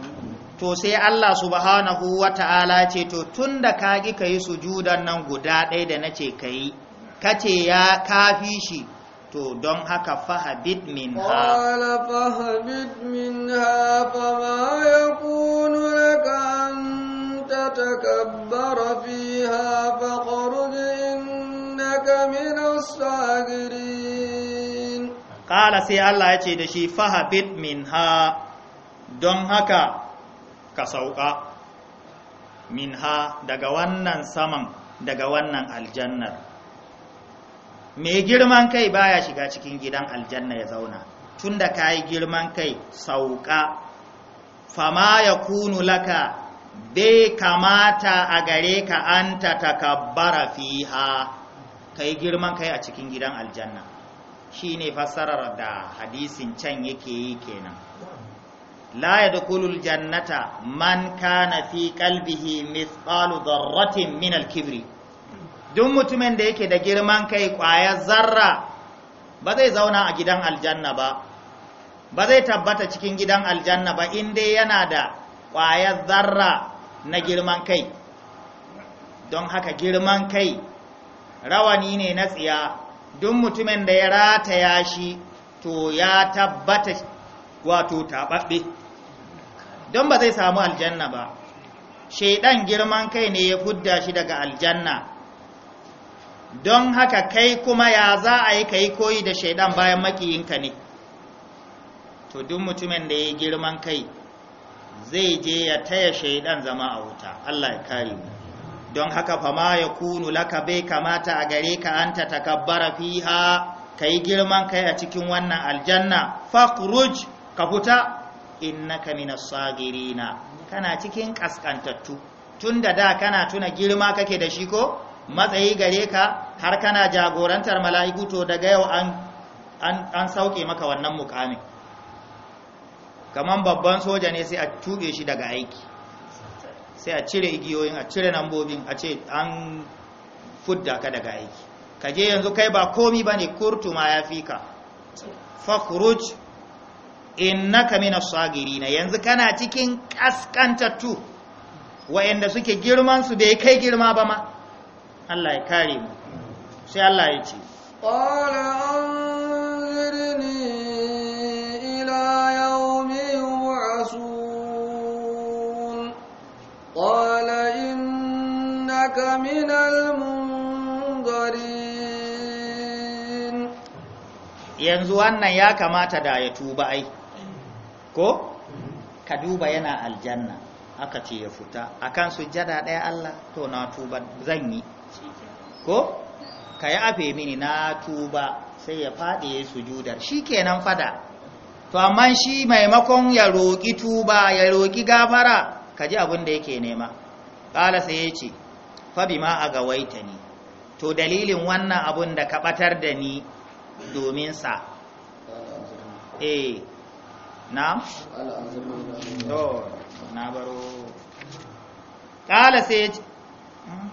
to sai Allah subhanahu wata'ala ce to tunda ka ki kai sujudan nan guda ɗaya da nace kai kace ya kafi shi to don haka fahabit min ha wala fahabit min ha fa ma yakunu laka an tatakabbara fiha qurud innaka min as-sagirin kala sai Allah ya ce da shi fahabit min ha don haka ka sauka min ha daga wannan saman daga wannan aljannar mai girman kai baya shiga cikin gidan aljanna ya zauna tunda kayi girman kai sauka fama ya kunu laka bai kamata a gare ka an ta takabbara fiha kai girman kai a cikin gidan aljanna shine fassarar da hadisin can yake yi kenan la yadkhulul jannata man kana fi qalbihi mithqalu dharratin min al-kibri duk mutumin da yake da girman kai ƙwayar zarra ba zai zauna a gidan aljanna ba ba zai tabbata cikin gidan aljanna ba in dai yana da ƙwayar zarra na girman kai don haka girman kai rawani ne na tsiya duk mutumin da ya rataya shi to ya tabbata wato tababbe don ba zai samu aljanna ba shaidan girman kai ne ya fudda shi daga aljanna don haka kai kuma ya za a yi ka yi koyi da shaidan bayan makiyinka ne to duk mutumin da ya girman kai zai je ya taya shaidan zama a wuta Allah ya kare mu don haka fama ya kunu laka bai kamata a gare ka an ta takabbara fiha ka yi girman kai a cikin wannan aljanna ruj ka fita innaka minas sagirina kana cikin kaskantattu tunda da kana tuna girma kake da shi ko matsayi gare ka har kana jagorantar mala'iku to daga yau an sauke maka wannan mukamin Kamar babban soja ne sai a tuge shi daga aiki sai a cire igiyoyin a cire nambobin a ce an fudda ka daga aiki ka je yanzu kai ba komi ba ne kurtuma ya fi ka fakuruj innaka mina sagirina yanzu kana cikin kaskantattu wayanda suke girman su bai kai girma ba ma Allah ya kare mu sai Allah ya ce qala anzirni ila yawmi yu'asun qala innaka minal mungarin yanzu wannan ya kamata da ya tuba ai ko ka duba yana aljanna aka ce ya futa. akan sujjada ɗaya Allah to na tuba zan yi ko ka yi afe mini na tuba sai ya faɗi ya sujudar shi kenan fada to amma shi maimakon ya roƙi tuba ya roƙi gafara ka ji abin da yake nema ƙala sai ya ce fabi ma a gawaita ni to dalilin wannan abun da ka ɓatar da ni domin sa eh na? to na baro ƙala sai ya ce hmm?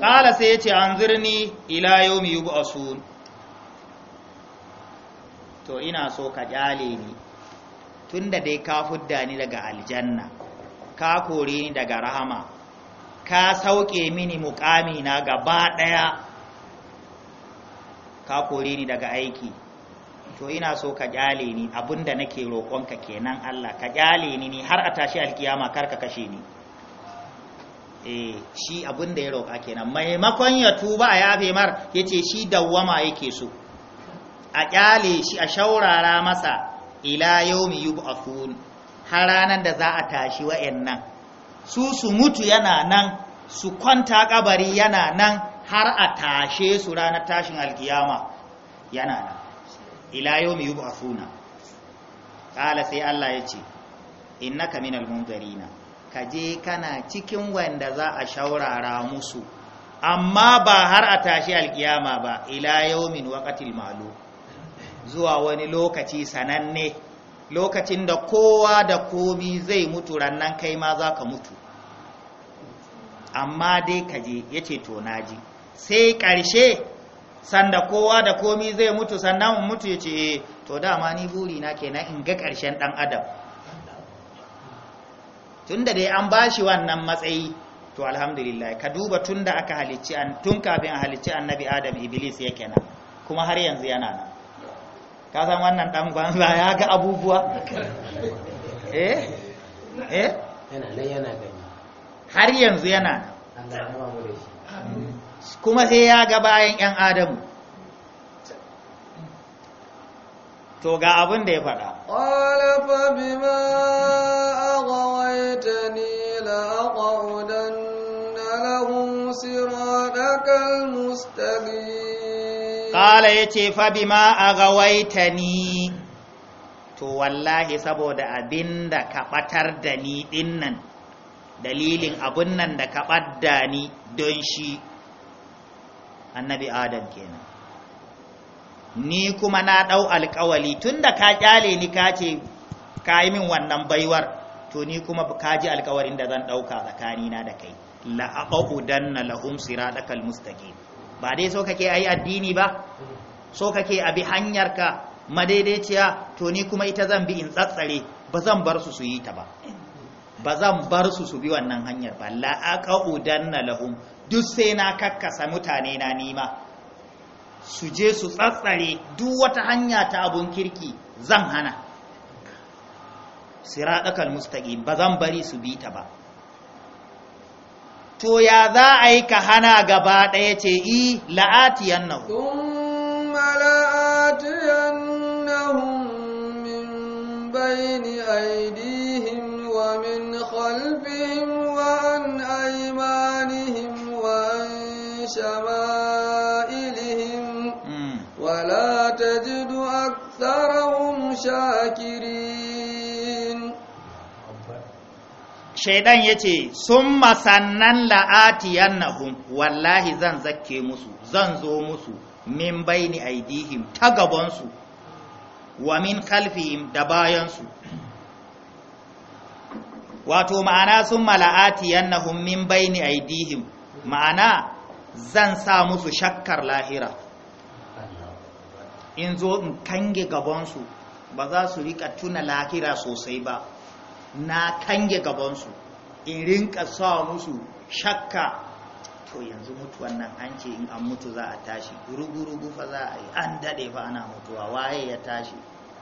qala sai ce yace anzirni ila yawmi yub'asun to ina so ka kyale ni tunda dai ka fudda ni daga aljanna ka kore ni daga rahama ka sauke mini mukami na gaba daya ka kore ni daga aiki to ina so ka kyale ni abinda nake roƙonka kenan Allah ka kyale ni ni har a tashi alkiyama kar ka kashe ni eh shi abin da ya roƙa kenan maimakon ya tuba a yafe mar yace shi dawwama yake so a kyale shi a shaurara masa ila yawmi yub'athun har ranar da za a tashi nan, su su mutu yana nan su kwanta ƙabari yana nan har a tashe su ranar tashin alkiyama yana nan ila a funa Ƙala sai Allah ya yace innaka minal munzarina ka je kana cikin wanda za a shaurara musu amma ba har a tashi alkiyama ba ila yaumin waqatil malu zuwa wani lokaci sananne lokacin da kowa da komi zai mutu rannan kai ma za ka mutu amma dai ka je ya to naji sai ƙarshe sanda kowa da komi zai mutu sannan mutu ya ce eh, to dama ni buri na kenan in ga ƙarshen ɗan adam tunda dai an bashi wannan matsayi to alhamdulillah ka duba tunda aka halicci an tun kafin a halicci annabi adam iblis yake nan kuma har yanzu yana nan ka san wannan dan gwanza ya ga abubuwa eh eh yana nan yana gani har yanzu yana nan kuma sai ya ga bayan yan adamu to ga abin da ya faɗa qala fa bima aghwaytani la aqudanna lahum siratal mustaqim qala yace fa bima ni, to wallahi saboda abinda ka batar da ni dinnan dalilin abun nan da ka ɓadda ni don shi annabi adam kenan ni kuma na ɗau alkawali tun da ka ƙyale ni ka ce ka yi min wannan baiwar to ni kuma ka ji alkawarin da zan ɗauka tsakanina da kai la'aɓaɓu dan na sira ɗakal mustaƙi ba dai so kake ayi addini ba so kake abi hanyar ka madaidaiciya to ni kuma ita zan bi in tsatsare ba zan bar su su yi ta ba ba zan bar su su bi wannan hanyar ba la'aƙa'u dan na lahum duk sai na kakkasa mutane na nima su je su tsatsare duk wata hanya ta abun kirki zan hana siradakal mustaƙi ba zan bari su bi ta ba to ya za a yi ka hana gaba ɗaya ce i la'atiyan nan بين min ومن خلفهم وعن أيمانهم وعن شمالهم تجد أكثرهم شاكرين shaidan ya ce sun masannan la'atiyan nahum wallahi zan zakke musu zan zo musu min baini aidihim ta gabansu wa min kalfihim da bayansu wato ma'ana sun mala'atiyan nahum min baini aidihim ma'ana zan sa musu shakkar lahira in zo in kange gabansu ba za su rika tuna lahira sosai ba na kange gabansu in rinka sa musu shakka to yanzu mutuwan nan an ce in an mutu za a tashi gurugurugu fa za a yi an daɗe fa ana mutuwa waye ya tashi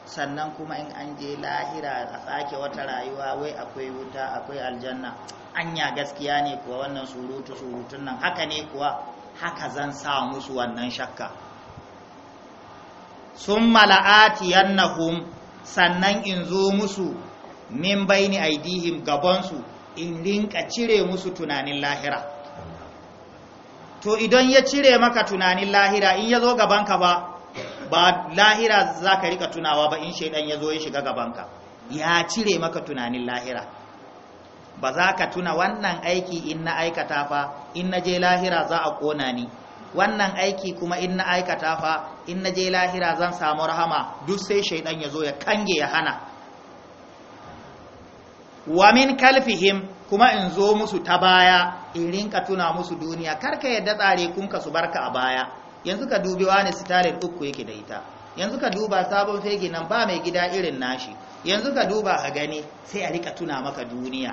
sannan kuma in an je lahira a sake wata rayuwa wai akwai wuta akwai aljanna anya gaskiya ne kuwa wannan surutu surutun nan haka ne kuwa haka zan sa musu wannan shakka sun mala'ati yannahum sannan in zo musu min baini aidihim gabansu in rinka cire musu tunanin lahira to idan ya cire maka tunanin lahira in ya zo gabanka ba ba lahira za ka rika tunawa ba in shaidan ya zo ya shiga gabanka ya cire maka tunanin lahira ba za ka tuna wannan aiki in na aikata fa in na je lahira za a ƙona ni wannan aiki kuma in na aikata fa in na je lahira zan samu rahama duk sai shaidan ya zo ya kange ya hana wa min kalfihim kuma in zo musu ta baya in rinka tuna musu duniya karka yadda tsare kun ka su barka a baya yanzu ka dubi wani sitalin uku yake da ita yanzu ka duba sabon fegi nan ba mai gida irin nashi yanzu ka duba ka gani sai a rika tuna maka duniya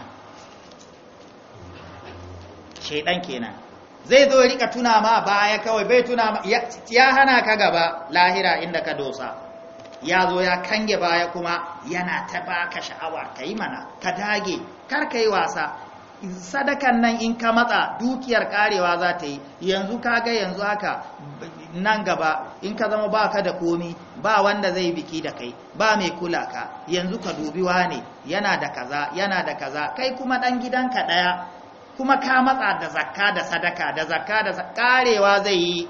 shaidan kenan zai zo rika tuna ma baya kawai bai tuna ma ya hana ka gaba lahira inda ka dosa ya zo ya kange baya kuma yana ta baka sha'awa ka yi mana ka dage kar ka yi wasa sadakan nan in ka matsa dukiyar karewa za ta yi yanzu ka ga yanzu haka nan gaba in ka zama ba ka da komi ba wanda zai biki da kai ba mai kula ka yanzu ka dubi ne yana da kaza yana da kaza kai kuma dan gidanka ɗaya. kuma ka matsa da zakka da sadaka da zakka da karewa zai yi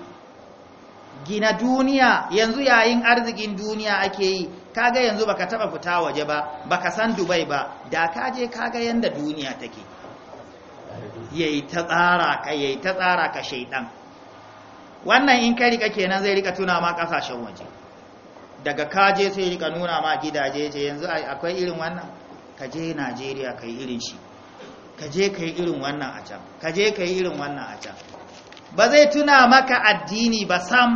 gina duniya yanzu yayin arzikin duniya ake yi kaga yanzu baka taba fita waje ba baka san Dubai ba da ka je kaga yanda duniya take yayi ta tsara ka yayi ta tsara ka wannan in ka rika kenan zai rika tuna ma kasashen waje daga ka je sai rika nuna ma gidaje ce yanzu akwai irin wannan ka je Najeriya kai irin shi ka je ka yi irin wannan a can ka je ka yi irin wannan a can ba zai tuna maka addini ba sam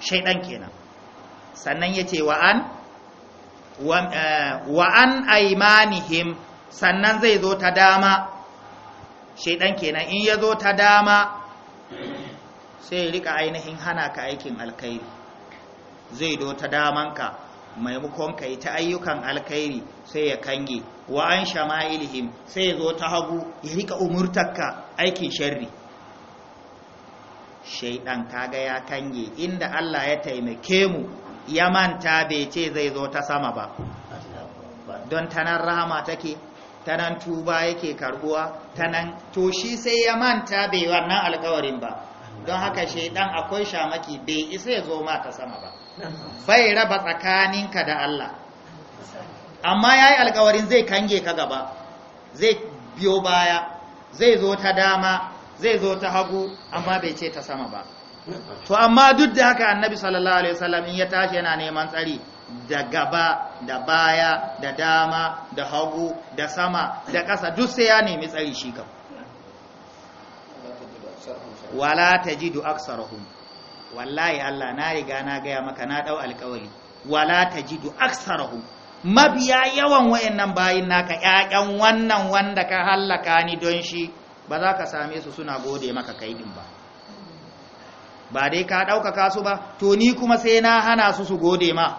shaidan kenan sannan ya ce wa'an wa'an eh, aimanihim sannan zai zo ta dama shaidan kenan in ya zo ta dama sai rika ainihin hana ka aikin alkhairi zai zo ta damanka maimakon ka yi ta ayyukan alkhairi sai ya kange wa an shama'ilihim sai ya zo ta hagu ya rika umurtarka aikin sharri shaidan kaga ya kange inda Allah ya taimake mu ya manta bai ce zai zo ta sama ba don tanan rahama take tanan tuba yake karbuwa tanan to shi sai ya manta bai wannan alkawarin ba don haka shaidan akwai shamaki bai isa ya zo ma ta sama ba bai raba tsakaninka da Allah amma ya yi alkawarin zai kange ka gaba zai biyo baya zai zo ta dama zai zo ta hagu amma bai ce ta sama ba to amma duk da haka annabi sallallahu alaihi wasallam in ya tashi yana neman tsari da gaba da baya da dama da hagu da sama da ƙasa duk sai ya nemi tsari shi kam wala tajidu aksarahum wallahi Allah na riga na gaya maka na dau alƙawari wala tajidu aksarahum mabiya yawan wayannan bayin naka ƴaƴan wannan wanda ka hallaka ni don shi ba za ka same su suna gode maka kai din ba ba dai ka ɗaukaka su ba to ni kuma sai na hana su su gode ma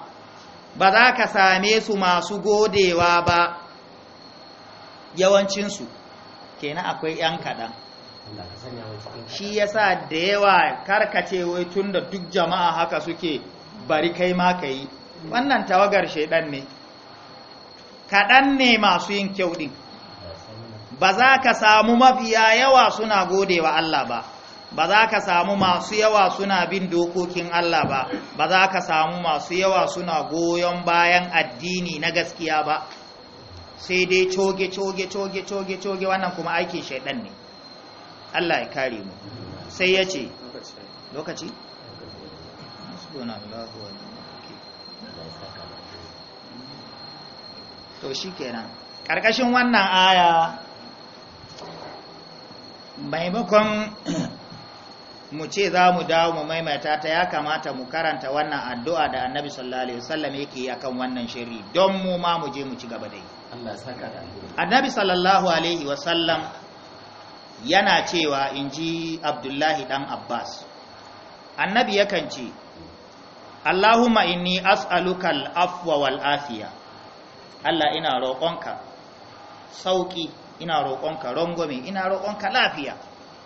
ba za ka same su masu godewa ba yawancinsu kenan akwai 'yan kaɗan shi yasa da yawa karkace wai tun da duk jama'a haka suke bari kai ma ka yi wannan tawagar shaiɗan ne kaɗan ne masu yin kyau ɗin ba za ka samu mafiya yawa suna gode wa Allah ba ba za ka samu masu yawa suna bin dokokin Allah ba ba za ka samu masu yawa suna goyon bayan addini na gaskiya ba sai dai coge coge coge coge coge wannan kuma aikin shaidan ne Allah ya kare mu sai ya ce lokaci lokaci to shi kenan ƙarƙashin wannan aya maimakon mu ce za mu dawo mu maimaita ta ya kamata mu karanta wannan addu'a da annabi sallallahu alaihi wasallam yake yi akan wannan shiri don mu ma mu je mu ci gaba dai annabi sallallahu alaihi wasallam yana cewa in ji abdullahi dan abbas annabi yakan ce allahumma inni as'aluka al-afwa wal afiya Allah ina roƙonka sauƙi ina roƙonka rangwame ina roƙonka lafiya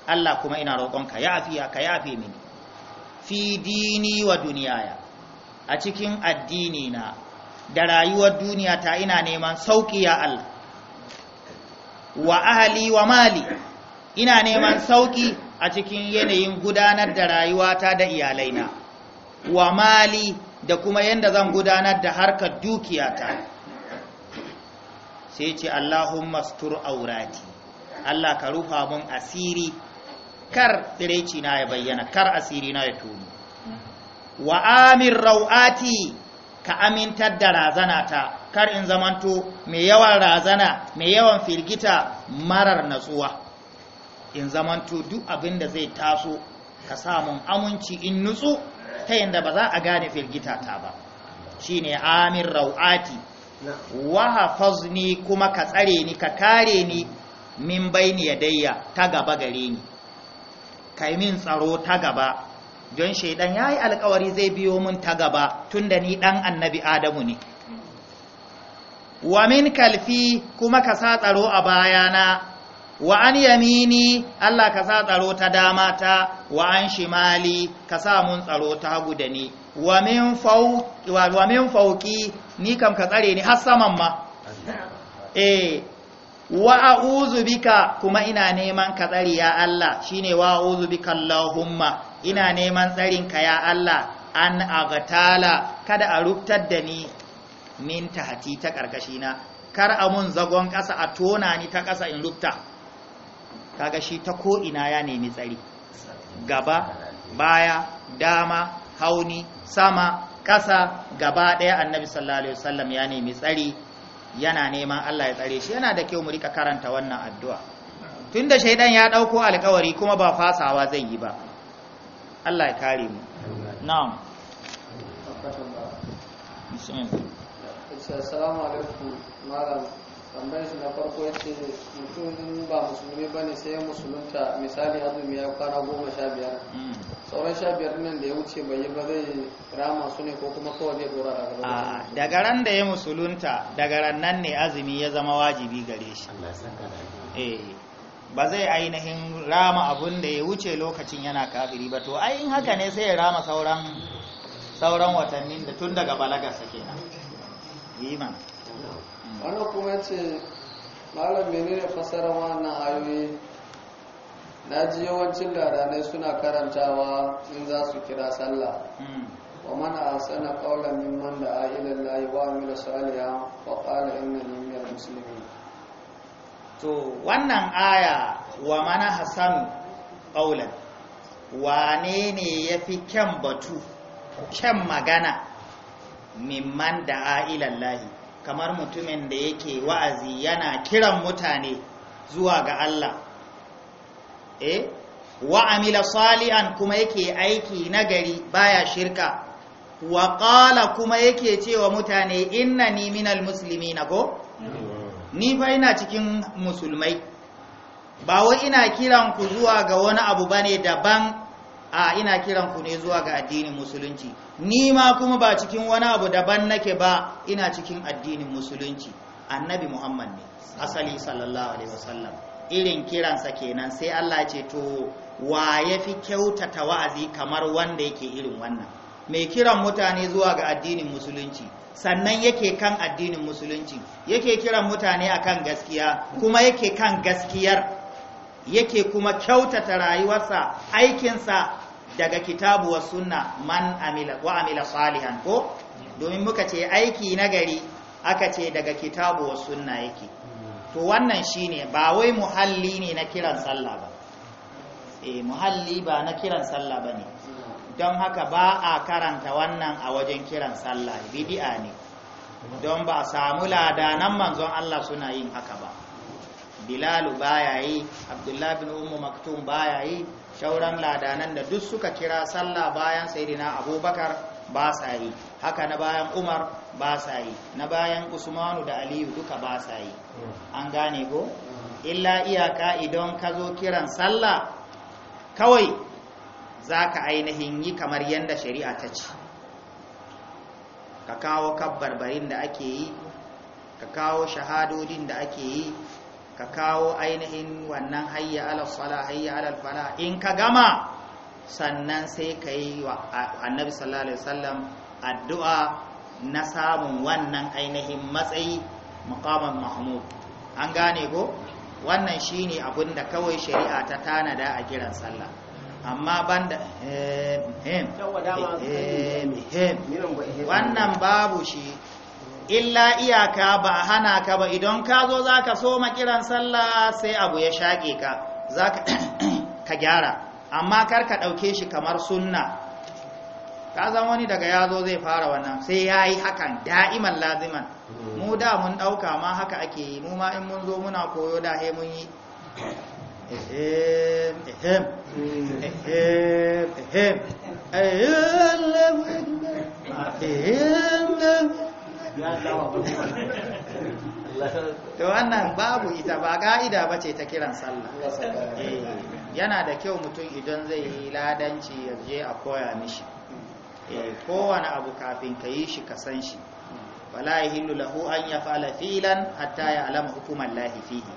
Allah kuma ina roƙonka yafiya ka yafe mini fi dini wa duniyaya a cikin addini na da rayuwar duniya ta ina neman sauƙi ya Allah wa ahli wa mali ina neman sauƙi a cikin yanayin gudanar da rayuwata da iyalaina wa mali da kuma yanda zan gudanar da harkar dukiyata sai ce Allahumma stur aurati Allah ka rufa mun asiri kar tsireci na ya bayyana kar asiri na ya tuni wa amin rau'ati ka amintar da razana ta kar in zamanto mai yawan razana mai yawan firgita marar natsuwa in zamanto duk abin da zai taso ka samun aminci in nutsu ta yadda ba za a gane firgita ta ba shine amin rau'ati wahafazni kuma ka tsare ni ka kare ni min ya yadayya ta gaba gare ni kai min tsaro ta gaba don shaidan yayi alkawari zai biyo mun ta gaba tunda ni dan annabi adamu ne wa min kalfi kuma ka sa tsaro a bayana wa an yamini Allah ka sa tsaro ta dama ta wa an shimali ka sa mun tsaro ta hagu da ni wa min fauki ni kam ka tsare ni har saman ma eh wa a'udhu bika kuma ina neman ka tsare ya Allah shine wa a'udhu bika Allahumma ina neman tsarin ka ya Allah an agatala kada a rubtar da ni min tahati ta karkashi na kar a mun zagon kasa a tona ni ta kasa in rubta kaga shi ta ko ina ya nemi tsari gaba baya dama hauni sama ƙasa gaba ɗaya annabi sallallahu alaihi wasallam ya nemi tsari yana neman Allah ya tsare shi yana da kyau mu rika karanta wannan addu'a tunda shaidan ya dauko alƙawari kuma ba fasawa zai yi ba Allah ya kare mu na'am assalamu alaikum malam tambayar su na farko ya ce mutum ba musulmi ba ne sai ya musulunta misali azumi ya kwana goma sha biyar sauran sha biyar nan da ya wuce bai yi ba zai rama su ne ko kuma kawai zai dora daga a daga ran da ya musulunta daga ran nan ne azumi ya zama wajibi gare shi eh ba zai ainihin rama abun da ya wuce lokacin yana kafiri ba to ayin haka ne sai ya rama sauran sauran watannin da tun daga balagarsa kenan yi mana wani kuma ce malam menene fasara wannan ayoyi na ji yawancin ladanai suna karantawa in za su kira sallah hmm. wa mana a sana kaular mimman da a ilin layi wa amina saliya wa kala inna limiyar musulmi to wannan aya wa mana Hassan kaular wane ne ya fi kyan batu kyan magana mimman da a ilin layi kamar mutumin da yake wa'azi yana kiran mutane zuwa ga Allah eh wa'amila amila salihan kuma yake aiki nagari baya shirka wa ƙala kuma yake cewa mutane innani minal na ko ni fa ina cikin musulmai ba wai ina kiran ku zuwa ga wani abu bane daban a ina kiran ku ne zuwa ga addinin musulunci ni ma kuma ba cikin wani abu daban nake ba ina cikin addinin musulunci annabi muhammad ne asali sallallahu alaihi wasallam irin kiransa kenan sai allah ce to wa ya fi kyautata wa'azi kamar wanda yake irin wannan mai kiran mutane zuwa ga addinin musulunci sannan yake kan addinin musulunci yake kiran mutane akan gaskiya kuma yake kan gaskiyar yake kuma kyautata rayuwarsa aikinsa daga kitabu wa sunna man amila wa amila salihan ko domin muka ce aiki nagari aka ce daga kitabu wa sunna yake to wannan shine ba wai muhalli ne na kiran sallah ba eh muhalli ba na kiran sallah bane don haka ba a karanta wannan a wajen kiran sallah bid'a ne don ba a samu lada ladanan manzon Allah suna yin haka ba bilalu baya yi abdullahi bin ummu maktum baya yi shauran ladanan da duk suka kira sallah bayan sayidina abubakar ba sa yi haka na bayan umar ba sa yi na bayan usmanu da aliyu duka ba sa yi an gane ko illa iyaka idan ka zo kiran sallah kawai za ka ainihin yi kamar yadda shari'a ta ce ka kawo kabbarbarin da ake yi ka kawo shahadodin da ake yi ka kawo ainihin wannan hayya ala sala hayya ala fala in ka gama sannan sai ka yi wa annabi sallallahu alaihi wasallam addu'a na samun wannan ainihin matsayi muqaman mahmud an gane ko wannan shine abin da kawai shari'a ta tanada a kiran sallah amma banda wannan babu shi illa iyaka ba a hana ka ba idan ka zo za ka soma kiran sallah sai abu ya shaƙe ka za ka gyara amma kar ka ɗauke shi kamar sunna ka zan wani daga ya zo zai fara wannan sai ya yi hakan da'iman laziman mu da mun ɗauka ma haka ake yi mu ma in mun zo muna koyo da he mun yi ehem ehem ehem ehem ehem ehem to wannan babu ita ba ga'ida ba ce ta kiran sallah eh, yana da kyau mutum idan zai yi ladanci ya je a koya mishi eh, kowane abu kafin ka yi shi ka san shi wala hindu lahu an ya fala filan hatta ya'lama hukuman lahi fihi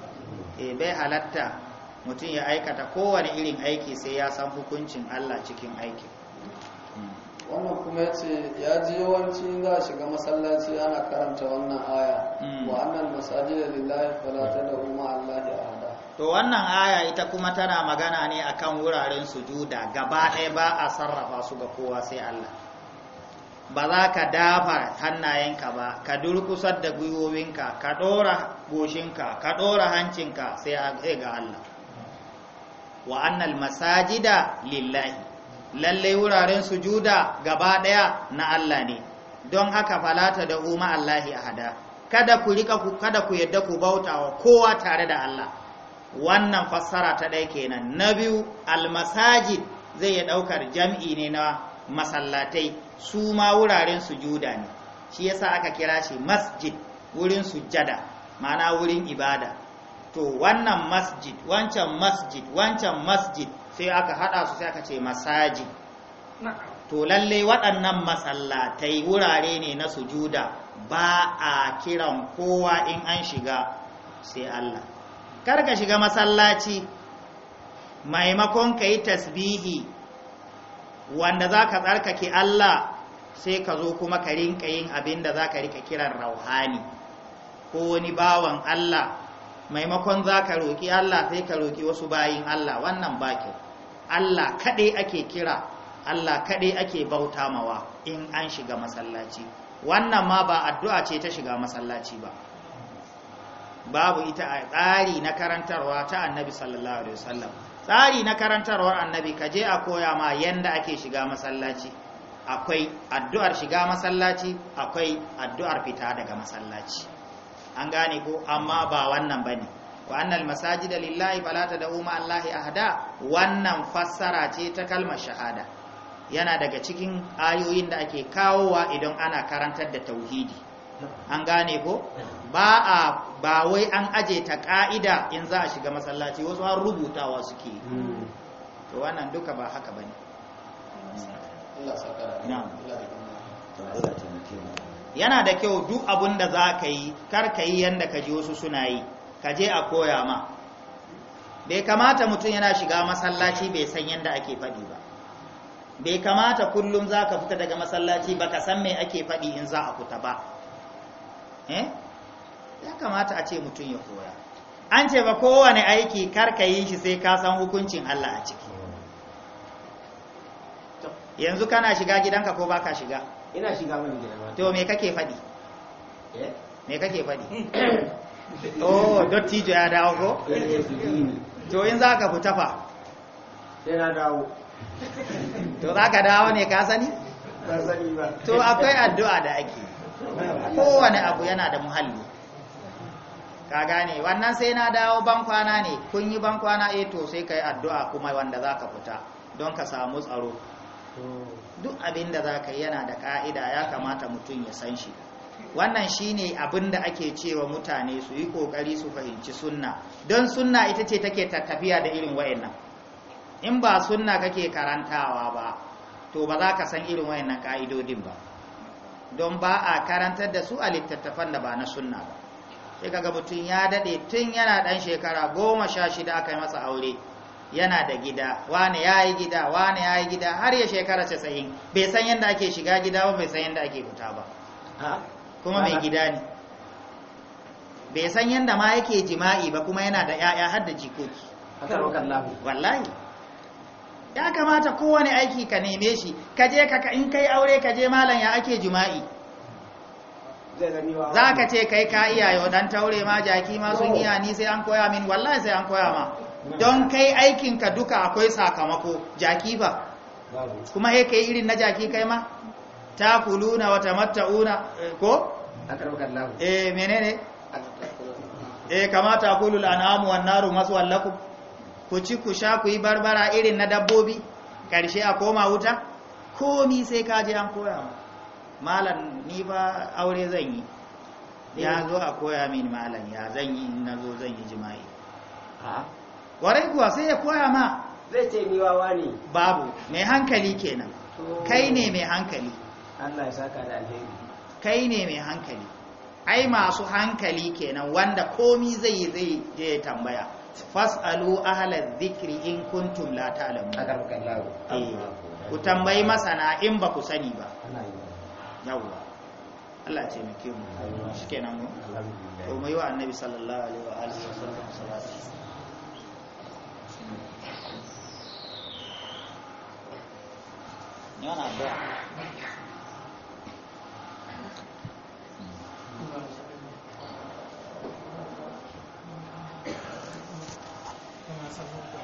eh, bai halatta mutum ya aikata kowane irin aiki sai ya san hukuncin Allah cikin aikin wannan kuma ya ce ya ji yawanci za a shiga masallaci ana karanta wannan aya hmm. wa annan da lillahi da tad'u allah allahi ahada to wannan aya ita kuma tana magana ne akan wuraren sujuda gaba ɗaya ba a sarrafa su ga kowa sai Allah ba za ka dafa hannayenka ba ka durkusar da gwiwowinka ka ɗora goshinka ka ɗora hancinka sai ga Allah wa annal masajida lillahi lallai wuraren sujuda gaba ɗaya na Allah ne don haka falata da huma Allahi hada. kada ku rika ku kada ku yadda ku bautawa kowa tare da Allah wannan fassara ta ɗaya kenan na biyu almasajid zai ya ɗaukar jam'i ne na masallatai su ma wuraren sujuda ne shi yasa aka kira shi masjid wurin sujjada ma'ana wurin ibada to wannan masjid wancan masjid wancan masjid sai aka haɗa su sai aka ce masaji to lalle waɗannan masallatai wurare ne na sujuda ba a kiran kowa in an shiga sai Allah kar ka shiga masallaci maimakon ka yi tasbihi wanda za ka tsarkake Allah sai ka zo kuma ka rinka yin abin da za ka rika kiran rauhani ko wani bawan Allah maimakon za ka roƙi Allah sai ka roƙi wasu bayin Allah wannan bakin Allah kaɗai ake kira Allah kaɗai ake bauta mawa in an shiga masallaci wannan ma ba addu'a ce ta shiga masallaci ba babu ita a tsari na karantarwa ta annabi sallallahu alaihi wasallam tsari na karantarwar annabi ka je a koya ma yanda ake shiga masallaci akwai addu'ar shiga masallaci akwai addu'ar fita daga masallaci an gane ko amma ba wannan bane wa annal masajida lillahi fala tad'u ma allahi ahada wannan fassara ce ta kalmar shahada yana daga cikin ayoyin da ake kawowa idan ana karantar da tauhidi an gane ko ba a ba wai an aje ta ka'ida in za a shiga masallaci wasu har rubutawa suke to wannan duka ba haka bane yana da kyau duk abin da za ka yi kar ka yi yadda ka ji wasu suna yi ka je a koya ma bai kamata mutum yana shiga masallaci bai san yadda ake faɗi ba bai kamata kullum za ka fita daga masallaci ba ka san mai ake faɗi in za a kuta ba eh? ya kamata a ce mutum ya koya an ce ba kowane aiki karka yi shi sai ka san hukuncin Allah a ciki yanzu kana shiga gidanka ko baka shiga ina shiga mai gidanka to me kake faɗi eh? me kake faɗi oh dottijo ya dawo ko to in za ka fita fa sai na dawo to za ka dawo ne ka sani to akwai addu'a da ake kowane abu yana da muhalli ka gane wannan sai na dawo bankwana ne kun yi bankwana eh to sai ka yi addu'a kuma wanda za ka fita don ka samu tsaro oh. duk abin da za ka yi yana da ka'ida ya kamata mutum ya san shi wannan shine abin da ake cewa mutane su yi kokari su fahimci sunna don sunna ita ce take tafiya da irin wayannan in ba sunna kake karantawa ba to ba za ka san irin wayannan ka'idodin ba don ba a karantar da su a littattafan da ba na sunna ba sai kaga mutum ya dade tun yana ɗan shekara goma sha shida aka yi masa aure yana da gida wane ya yi gida wane ya yi gida har ya shekara casa'in bai san yadda ake shiga gida ba bai san yadda ake fita ba kuma mai gida ne bai san yadda ma yake jima'i ba kuma yana da 'ya'ya har da jikoki wallahi ya kamata kowane aiki ka neme shi ka je ka in kai aure ka je malam ya ake jima'i za ka ce kai ka iya yau dan taure ma jaki ma sun oh. iya ni sai an koya min wallahi sai an koya ma don kai aikinka duka akwai sakamako jaki ba kuma he kai irin na jaki kai ma takuluna wa tamatta'una ko eh menene eh kama takulul an'amu wan naru maswal lakum ku ci ku sha ku yi barbara irin na dabbobi karshe a koma wuta komi sai ka an koya malam ni ba aure zan yi ya zo a koya min malam ya zan yi na zo zan yi jima'i warai kuwa sai ya koya ma zai ce ni ne babu mai hankali kenan kai ne mai hankali Allah ya saka da alheri kai ne mai hankali ai masu hankali kenan wanda komi zai zai je tambaya fasalu ahla dhikri in kuntum la ta'lamun eh, ku tambayi masana in ba ku sani ba yawa Allah ya taimake mu shikenan mu to mai wa annabi sallallahu alaihi wa alihi wasallam salatu yana da Gracias.